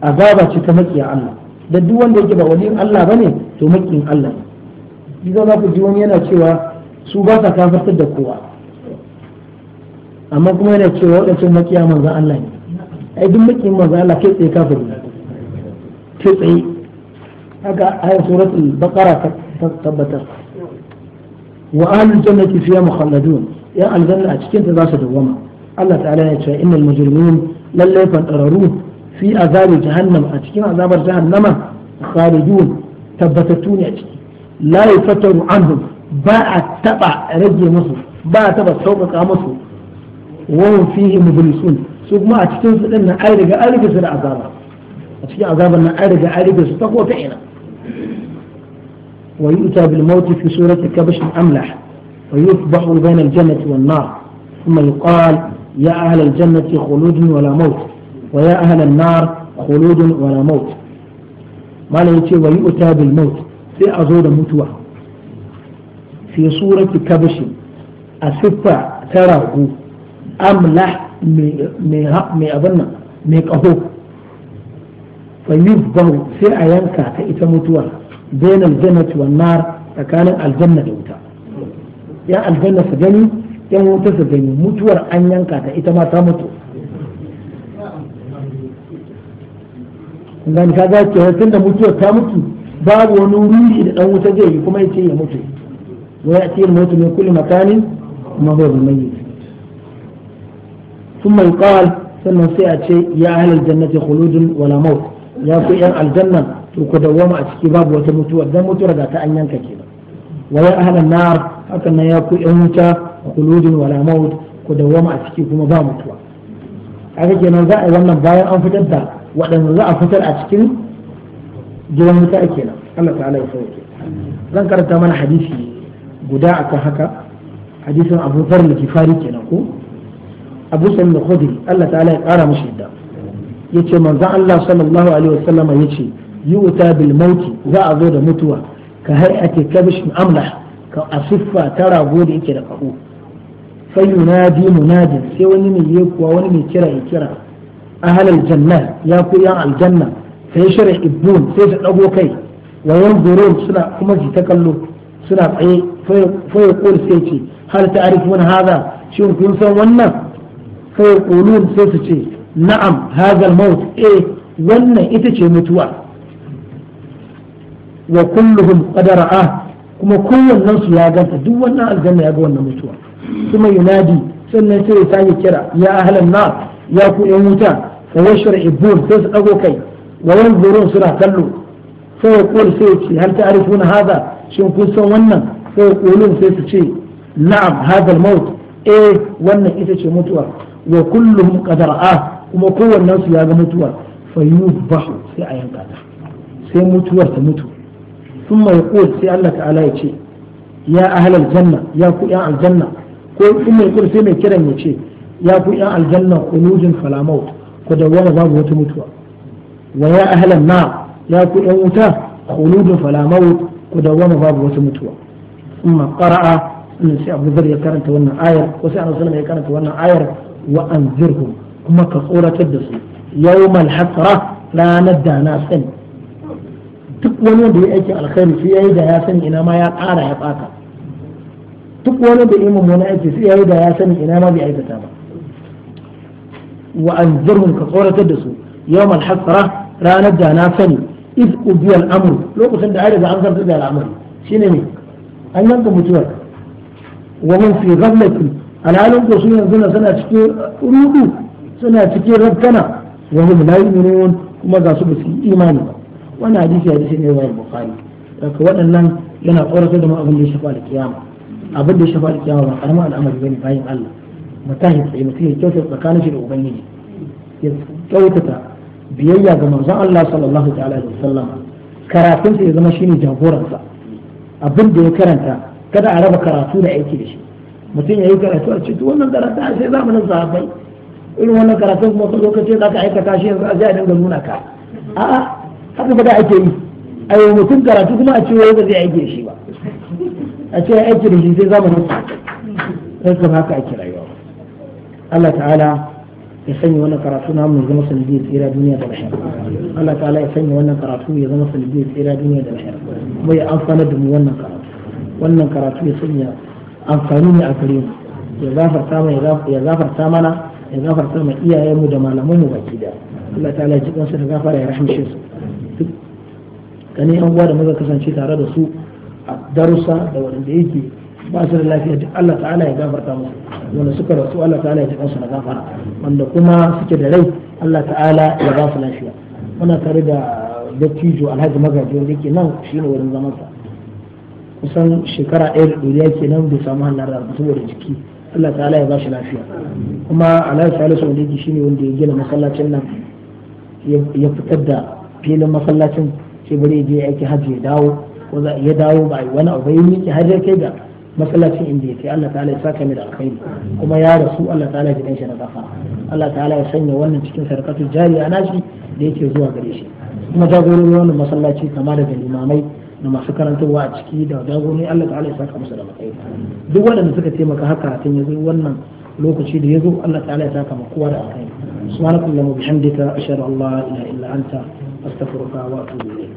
azaba ce ta makiya Allah da duk wanda yake ba waliyin Allah bane to maƙin Allah ne za ku ji wani yana cewa su ba sa kafartar da kowa amma kuma yana cewa waɗancan maƙiya manzan Allah ne ai duk maƙin manzan Allah kai tsaye kafin kai tsaye haka ayar suratul baqara tabbatar wa ahlul jannati fiha mukhalladun ya aljanna a cikin ta za su dawwama Allah ta'ala ya ce innal mujrimin lallai fantararru في عذاب جهنم أتكين عذاب جهنم خارجون تبتتون أتكين لا يفتر عنهم باء تبع رجل مصر باء تبع صوبك مصر وهم فيه مبلسون سوق ما أتكين فإن أيرق أيرق سر عذاب أتكين عذاب أن أيرق أيرق سر تقوى ويؤتى بالموت في سورة كبش الأملح ويفضح بين الجنة والنار ثم يقال يا أهل الجنة خلود ولا موت wa ya ahlan nar khuludun wala maut malam yace wa yu'ta bil maut sai a zo da mutuwa fi surati kabshi a siffa ta rago amla mai abin nan mai kaho fa yuzbahu sai a yanka ta ita mutuwa bain aljannati wan nar tsakanin aljanna da wuta ya aljanna su gani yan wuta su gani mutuwar an yanka ta ita ma mutu dan kaga ke tun da mutuwar ta mutu babu wani ruri da dan wuta zai yi kuma ya ce ya mutu wa ya ce mutu ne kulli makanin kuma mai yi sun mai yuqal sannan sai a ce ya ahlal jannati khuludun wala maut ya ku yan aljanna to ku dawwama a ciki babu wata mutuwa dan mutuwar da ta an yanka ke wa ya na nar hakan nan ya ku yan wuta khuludun wala maut ku dawwama a ciki kuma ba mutuwa haka kenan za a yi wannan bayan an fitar da waɗanda za a fitar a cikin gidan wuta kenan Allah ta'ala ya sauke zan karanta mana hadisi guda akan haka hadisin Abu Dharr al-Ghifari kenan ko Abu Sa'id al-Khudri Allah ta'ala ya kara mishi yadda yace manzo Allah sallallahu alaihi wasallam yace yu'ta bil mauti za a zo da mutuwa ka hay'ati kabish amla ka asiffa tara rago da yake da kaho sai yunadi munadin sai wani mai yekuwa wani mai kira ya kira ahlal janna ya ku yan aljanna sai shara ibun sai su dago kai wa yanzurun suna kuma su ta kallo suna tsaye fa sai ce hal ta'rifuna hadha shin kun san wannan fa sai su ce na'am hadha al eh wannan ita ce mutuwa wa kulluhum qad ra'a kuma kowannen su ya ganta duk wannan aljanna ya ga wannan mutuwa kuma yunadi sannan sai ya sake kira ya ahlan nar ya ku wuta wa yashra'ibun sai su dago kai wa yanzurun suna kallo sai ya kul sai ya ce hal ta'rifuna hadha shin kun san wannan sai ya sai su ce na'am hadha maut eh wannan ita ce mutuwar wa kullum qad kuma kowannen su ya ga mutuwar fa yubahu sai a yanka ta sai mutu ثم يقول سي الله تعالى يشي يا أهل الجنة يا كو يا الجنة كل ثم يقول سي من كرم يا كو الجنة خلوج فلا موت ku dawwama babu wata mutuwa wa ya ahlan na ya ku ɗan wuta khuludun fala maut ku dawwama babu wata mutuwa kuma qara'a in sai Abu Dharr ya karanta wannan ayar ko sai Annabi sallallahu ya karanta wannan ayar wa anzirhum kuma ka tsoratar da su yawmal hasra ranar da na sani duk wani wanda ya aikin alkhairi sai ya yi da ya sani ina ma ya ƙara ya ɓata duk wani da imamu wani aiki sai ya yi da ya sani ina ma bai aikata ba wa anzirhum ka tsoratar da su yawmal hasra ranar dana na sani iz ubiya al'amru lokacin da an riga an zartar da al'amari shine ne an yanka mutuwar wa hum fi ghaflatin yanzu suna cikin rudu suna cikin rabkana wa hum la yu'minun kuma ga su ba su imani ba wannan ne wa bukhari daga waɗannan yana tsoratar da mu abin da ya shafa alkiyama ba bayan Allah mutahi tsaye mutum ya kyautata tsakanin shi da ubangiji ya kyautata biyayya ga manzon Allah sallallahu ta'ala alaihi wasallam karatun sa ya zama shine jagoransa abin da ya karanta kada a raba karatu da aiki da shi mutum ya yi karatu a ce wannan karatu a sai zamanin sahabbai irin wannan karatu kuma ka lokacin za ka aikata shi yanzu a zai dinga nuna ka a'a haka ba da ake yi a yau mutum karatu kuma a ce wai ba zai aiki da shi ba a ce aiki da shi sai zamanin sahabbai sai kuma haka ake rayu Allah ta'ala ya sanya wannan karatu na mun zama sanadiyar tsira duniya da lahira Allah ta'ala ya sanya wannan karatu ya zama sanadiyar tsira duniya da lahira kuma ya amfana da mu wannan karatu wannan karatu ya sanya amfani ne a gare mu ya zafarta mana ya zafarta mana ya gafarta ma iyayenmu da malamanmu baki da Allah ta'ala ya ji kansu da gafara ya rahmishe su duk ganin yan uwa da muka kasance tare da su a darussa da wanda yake ba su da lafiya duk Allah ta'ala ya gafarta musu wanda suka rasu Allah ta'ala ya ji kansu na gafara wanda kuma suke da rai Allah ta'ala ya ba su lafiya muna tare da dattijo alhaji magaji wanda yake nan shi ne wurin zaman kusan shekara ɗaya da ɗoriya ke nan bai samu hannun da saboda jiki Allah ta'ala ya ba shi lafiya kuma alhaji salisu wanda yake ne wanda ya gina masallacin nan ya fitar da filin masallacin sai bari ya je aiki hajji ya dawo za ya dawo ba wani abu ya yi har ya kai ga masallacin indiya ce Allah ta'ala ya saka mai da alkhairi kuma ya rasu Allah ta'ala ya ji shi na kafa Allah ta'ala ya sanya wannan cikin sarkatul jariya shi da yake zuwa gare shi kuma jagororin wannan masallaci kama daga limamai da masu karantarwa a ciki da jagorori Allah ta'ala ya saka musu da matsayi duk waɗanda suka taimaka haka tun ya wannan lokaci da ya zo Allah ta'ala ya saka kowa da alkhairi subhanakallahumma bihamdika ashhadu an la ilaha illa anta astaghfiruka wa atubu ilayk